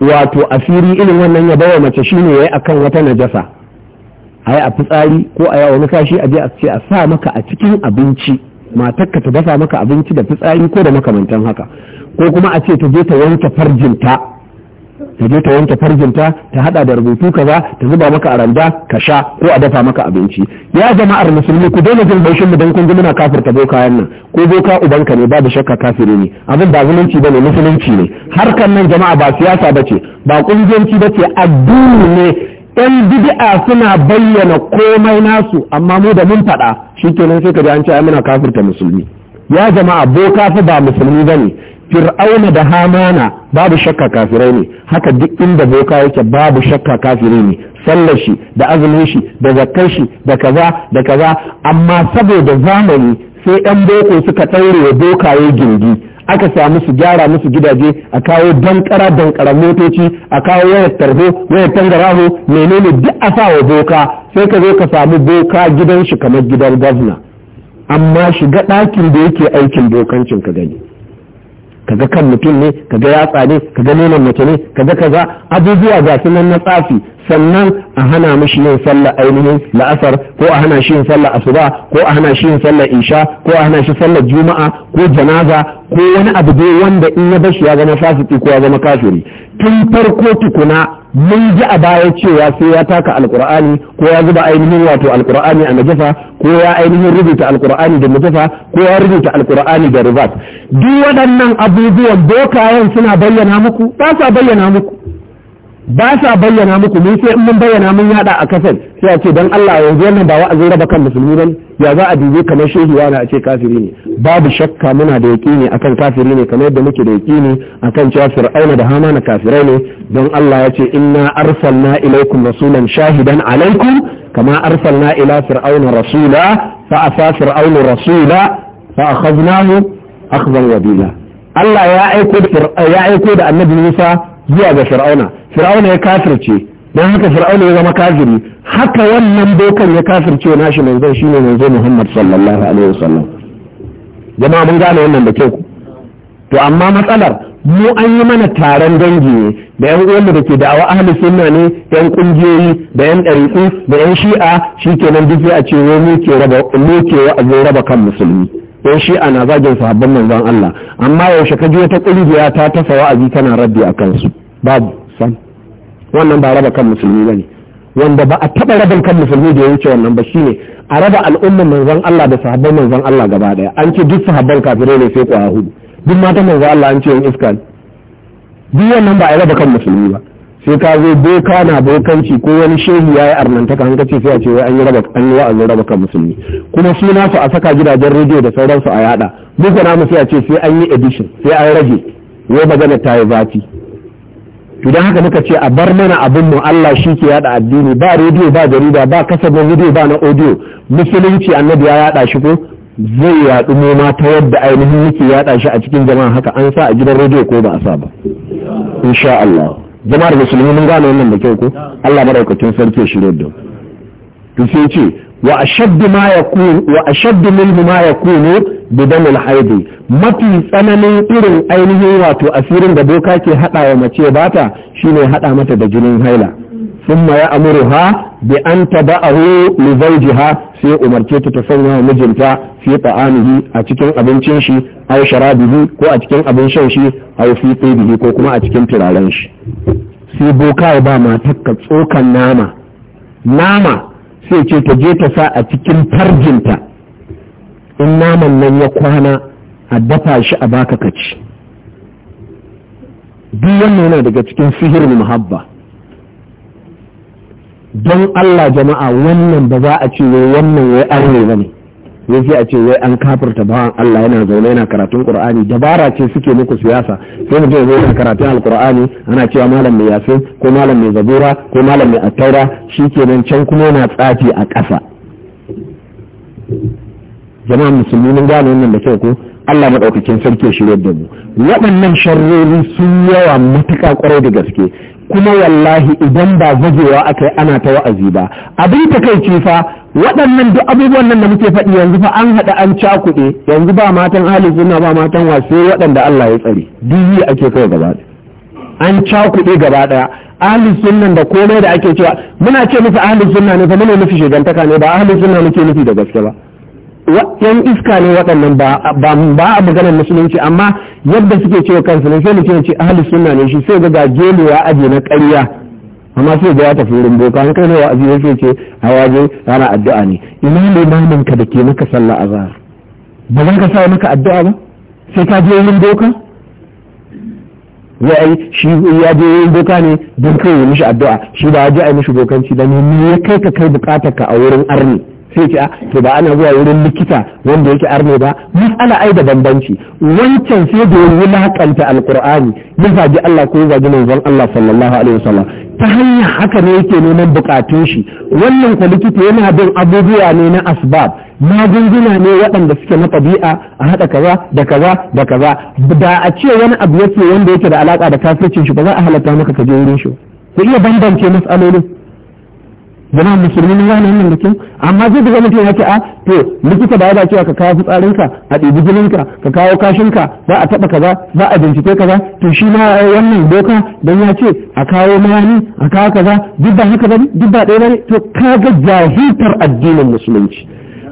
wato asiri irin wannan ya bawa mace shine yayi akan wata najasa a yi a fitsari ko a yawo kashi a je a ce a sa maka a cikin abinci matarka ta dafa maka abinci da fitsari ko da makamantan haka ko kuma a ce ta je ta wanke farjinta ta je ta wanke farjinta ta hada da rubutu kaza ta zuba maka a randa ka sha ko a dafa maka abinci ya jama'ar musulmi ku daina jin baushin mu dan kun ji muna kafirta bokayen nan ko boka ubanka ne babu shakka kafiri ne abin ba zumunci bane musulunci ne harkan nan jama'a ba siyasa bace ba kungiyanci bace addini ne yan bid'a suna bayyana komai nasu amma mu da mun faɗa shikenan sai ka ji an ce ai muna kafirta musulmi ya jama'a boka fa ba musulmi bane fir'auna da hamana babu shakka kafirai ne haka duk inda boka yake babu shakka kafirai ne sallar shi da azumin shi da zakkar shi da kaza da kaza amma saboda zamani sai yan boko suka ɗaure wa bokaye gindi aka samu su gyara musu gidaje a kawo dankara dankara motoci a kawo wayar tarho wayar tangaraho menene duk a sa wa boka sai ka zo ka samu boka gidan shi kamar gidan gwamna amma shiga ɗakin da yake aikin bokancin ka gani kaga kan mutum ne kaga yatsa ne kaga nonon mace ne kaga kaza abubuwa ga su nan na tsafi sannan a hana mishi yin sallah ainihin la'asar ko a hana shi yin sallah asuba ko a hana shi yin sallah isha ko a hana shi sallah juma'a ko janaza ko wani abu dai wanda in ya bashi ya zama fasiki ko ya zama kafiri tun farko tukuna mun ji a baya cewa sai ya taka alkur'ani ko ya zuba ainihin wato alkur'ani a najafa ko ya ainihin rubuta alkur'ani da najafa ko ya rubuta alkur'ani da rubat duk waɗannan abubuwan bokayen suna bayyana muku ba sa bayyana muku ba sa bayyana muku mun sai in mun bayyana mun yada a kasar sai a ce dan Allah yanzu wannan ba wa'azin raba kan musulmi bane ya za a dube kamar shehi wani a ce kafiri ne babu shakka muna da yaqini akan kafiri ne kamar yadda muke da yaqini akan cewa fir'auna da hamana kafirai ne don Allah ya ce inna arsalna ilaikum rasulan shahidan alaikum kama arsalna ila fir'auna rasula fa asa fir'auna rasula fa akhadnahu akhzan wabila Allah ya aiko da annabi Musa zuwa ga fir'auna fir'auna ya kafirce don haka fir'auna ya zama kafiri haka wannan bokan ya kafirce nashi manzon shine manzo Muhammad sallallahu alaihi wasallam jama'a mun gane wannan da kyau to amma matsalar mu an yi mana taron dangi ne da yan uwan da ke da'awa ahli sunna ne yan kungiyoyi da yan dariku da yan shi'a shikenan duk sai a ce mu ke raba mu ke raba kan musulmi yan shi ana zagin sahabban manzon Allah amma yaushe ka ji wata kungiya ta tafa wa'azi tana rabbi a kansu babu san wannan ba raba kan musulmi bane wanda ba a taba rabin kan musulmi da ya wuce wannan ba shine a raba al'umman manzon Allah da sahabban manzon Allah gaba daya an ce duk sahabban kafirai ne sai kwaya hudu duk mata manzon Allah an ce yan iska duk wannan ba a raba kan musulmi ba sai ka zo boka na bokanci ko wani shehi ya yi arnantaka an kace sai a ce wai an yi raba an yi wa'azin raba kan musulmi kuma suna su a saka gidajen rediyo da sauransu a yada muka namu sai a ce sai an yi edition sai an rage wai magana ta yi zafi idan haka muka ce a bar mana abin mu Allah shi ke yada addini ba rediyo ba jarida ba kasafin rediyo ba na audio musulunci annabi ya yada shi ko zai yaɗu noma ta yadda ainihin muke yada shi a cikin jama'a haka an sa a gidan rediyo ko ba a sa ba insha Allah jama'ar musulmi mun gane wannan da kyau ko Allah madaukakin sarki shirye da to sai ce wa ashaddu ma yakun wa ashaddu minhu ma yakunu bidan alhaidi mafi tsananin irin ainihin wato asirin da boka ke hada wa mace bata shine hada mata da jinin haila thumma ya'muruha bi an taba'ahu li zawjiha sai umarce ta ta sanya wa mijinta fi ta'amihi a cikin abincin shi aw sharabihi ko a cikin abin shan shi aw fi tibihi ko kuma a cikin turaren shi sai boka ba matar ka tsokan nama nama sai ce ta je ta sa a cikin farjinta in naman nan ya kwana a dafa shi a baka kaci duk wannan yana daga cikin sihirin muhabba don Allah jama'a wannan ba za a ce wai wannan wai an ne ya wai a ce wai an kafirta bawan Allah yana zaune yana karatun Qur'ani dabara ce suke muku siyasa sai mutum zai yana karatun Al-Qur'ani ana cewa malam mai yasin ko malam mai zabura ko malam mai attaura shikenan can kuma yana tsafi a ƙasa jama'a musulmi mun gane wannan da kyau ko Allah maɗaukakin sarki ya shirya da mu waɗannan sharrori sun yawa matuƙa ƙwarai da gaske kuma wallahi idan ba zagewa aka yi ana ta wa'azi ba abin ta kai fa waɗannan duk abubuwan nan da muke faɗi yanzu fa an haɗa an cakuɗe yanzu ba matan ahli sunna ba matan wasu waɗanda Allah ya tsare duk ake kai gaba an cakuɗe gaba ɗaya ahli sunnan da komai da ake cewa muna ce musu ahli sunna ne fa muna nufi shigantaka ne ba ahli sunna muke nufi da gaske ba yan iska ne waɗannan ba a maganar musulunci amma yadda suke cewa kansu ne sai mutum ce ahli sunna ne shi sai ga ga gelewa aje na ƙarya amma sai ga ya tafi wurin boka an kai ne wa'azi ne sai ce a waje rana addu'a ne ina limamin ka da ke maka sallah azhar ba zan ka sa maka addu'a ba sai ka je wurin boka wai shi ya je wurin boka ne don kai mishi addu'a shi ba ya je a mishi bokanci ba ne me ya kai ka kai bukatar ka a wurin arni sai ce ah, to ba ana zuwa wurin likita wanda yake arne ba mas'ala ai da bambanci wancan sai da yi lakanta alqur'ani ya zagi Allah ko ya zagi manzon Allah sallallahu alaihi wasallam ta hanyar haka ne yake neman bukatun shi wannan ko likita yana bin abubuwa ne na asbab magunguna ne waɗanda suke na ɗabi'a a haɗa kaza da kaza da kaza da a ce wani abu yake wanda yake da alaka da kafircin shi ba za a halatta maka ka je wurin shi ku iya bambance matsalolin jama'a musulmi ne gane wannan da amma zai daga mutum ya ce a ah, to likita ba ya cewa ka kawo fitsarinka a ɗibi jininka ka kawo kashinka za a taɓa kaza za a bincike kaza to shi ma wannan doka don ya ce a kawo mayani a kawo kaza duk ba haka bane duk ba ɗaya bane to kaga jahiltar addinin musulunci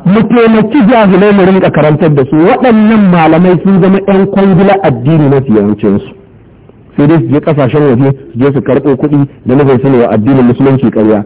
mu taimaki jahilai mu rinka karantar da su waɗannan malamai sun zama ƴan kwangila addini mafi yawancinsu sai dai su je ƙasashen waje su je su karɓo kuɗi da nufin su ne wa addinin musulunci karya.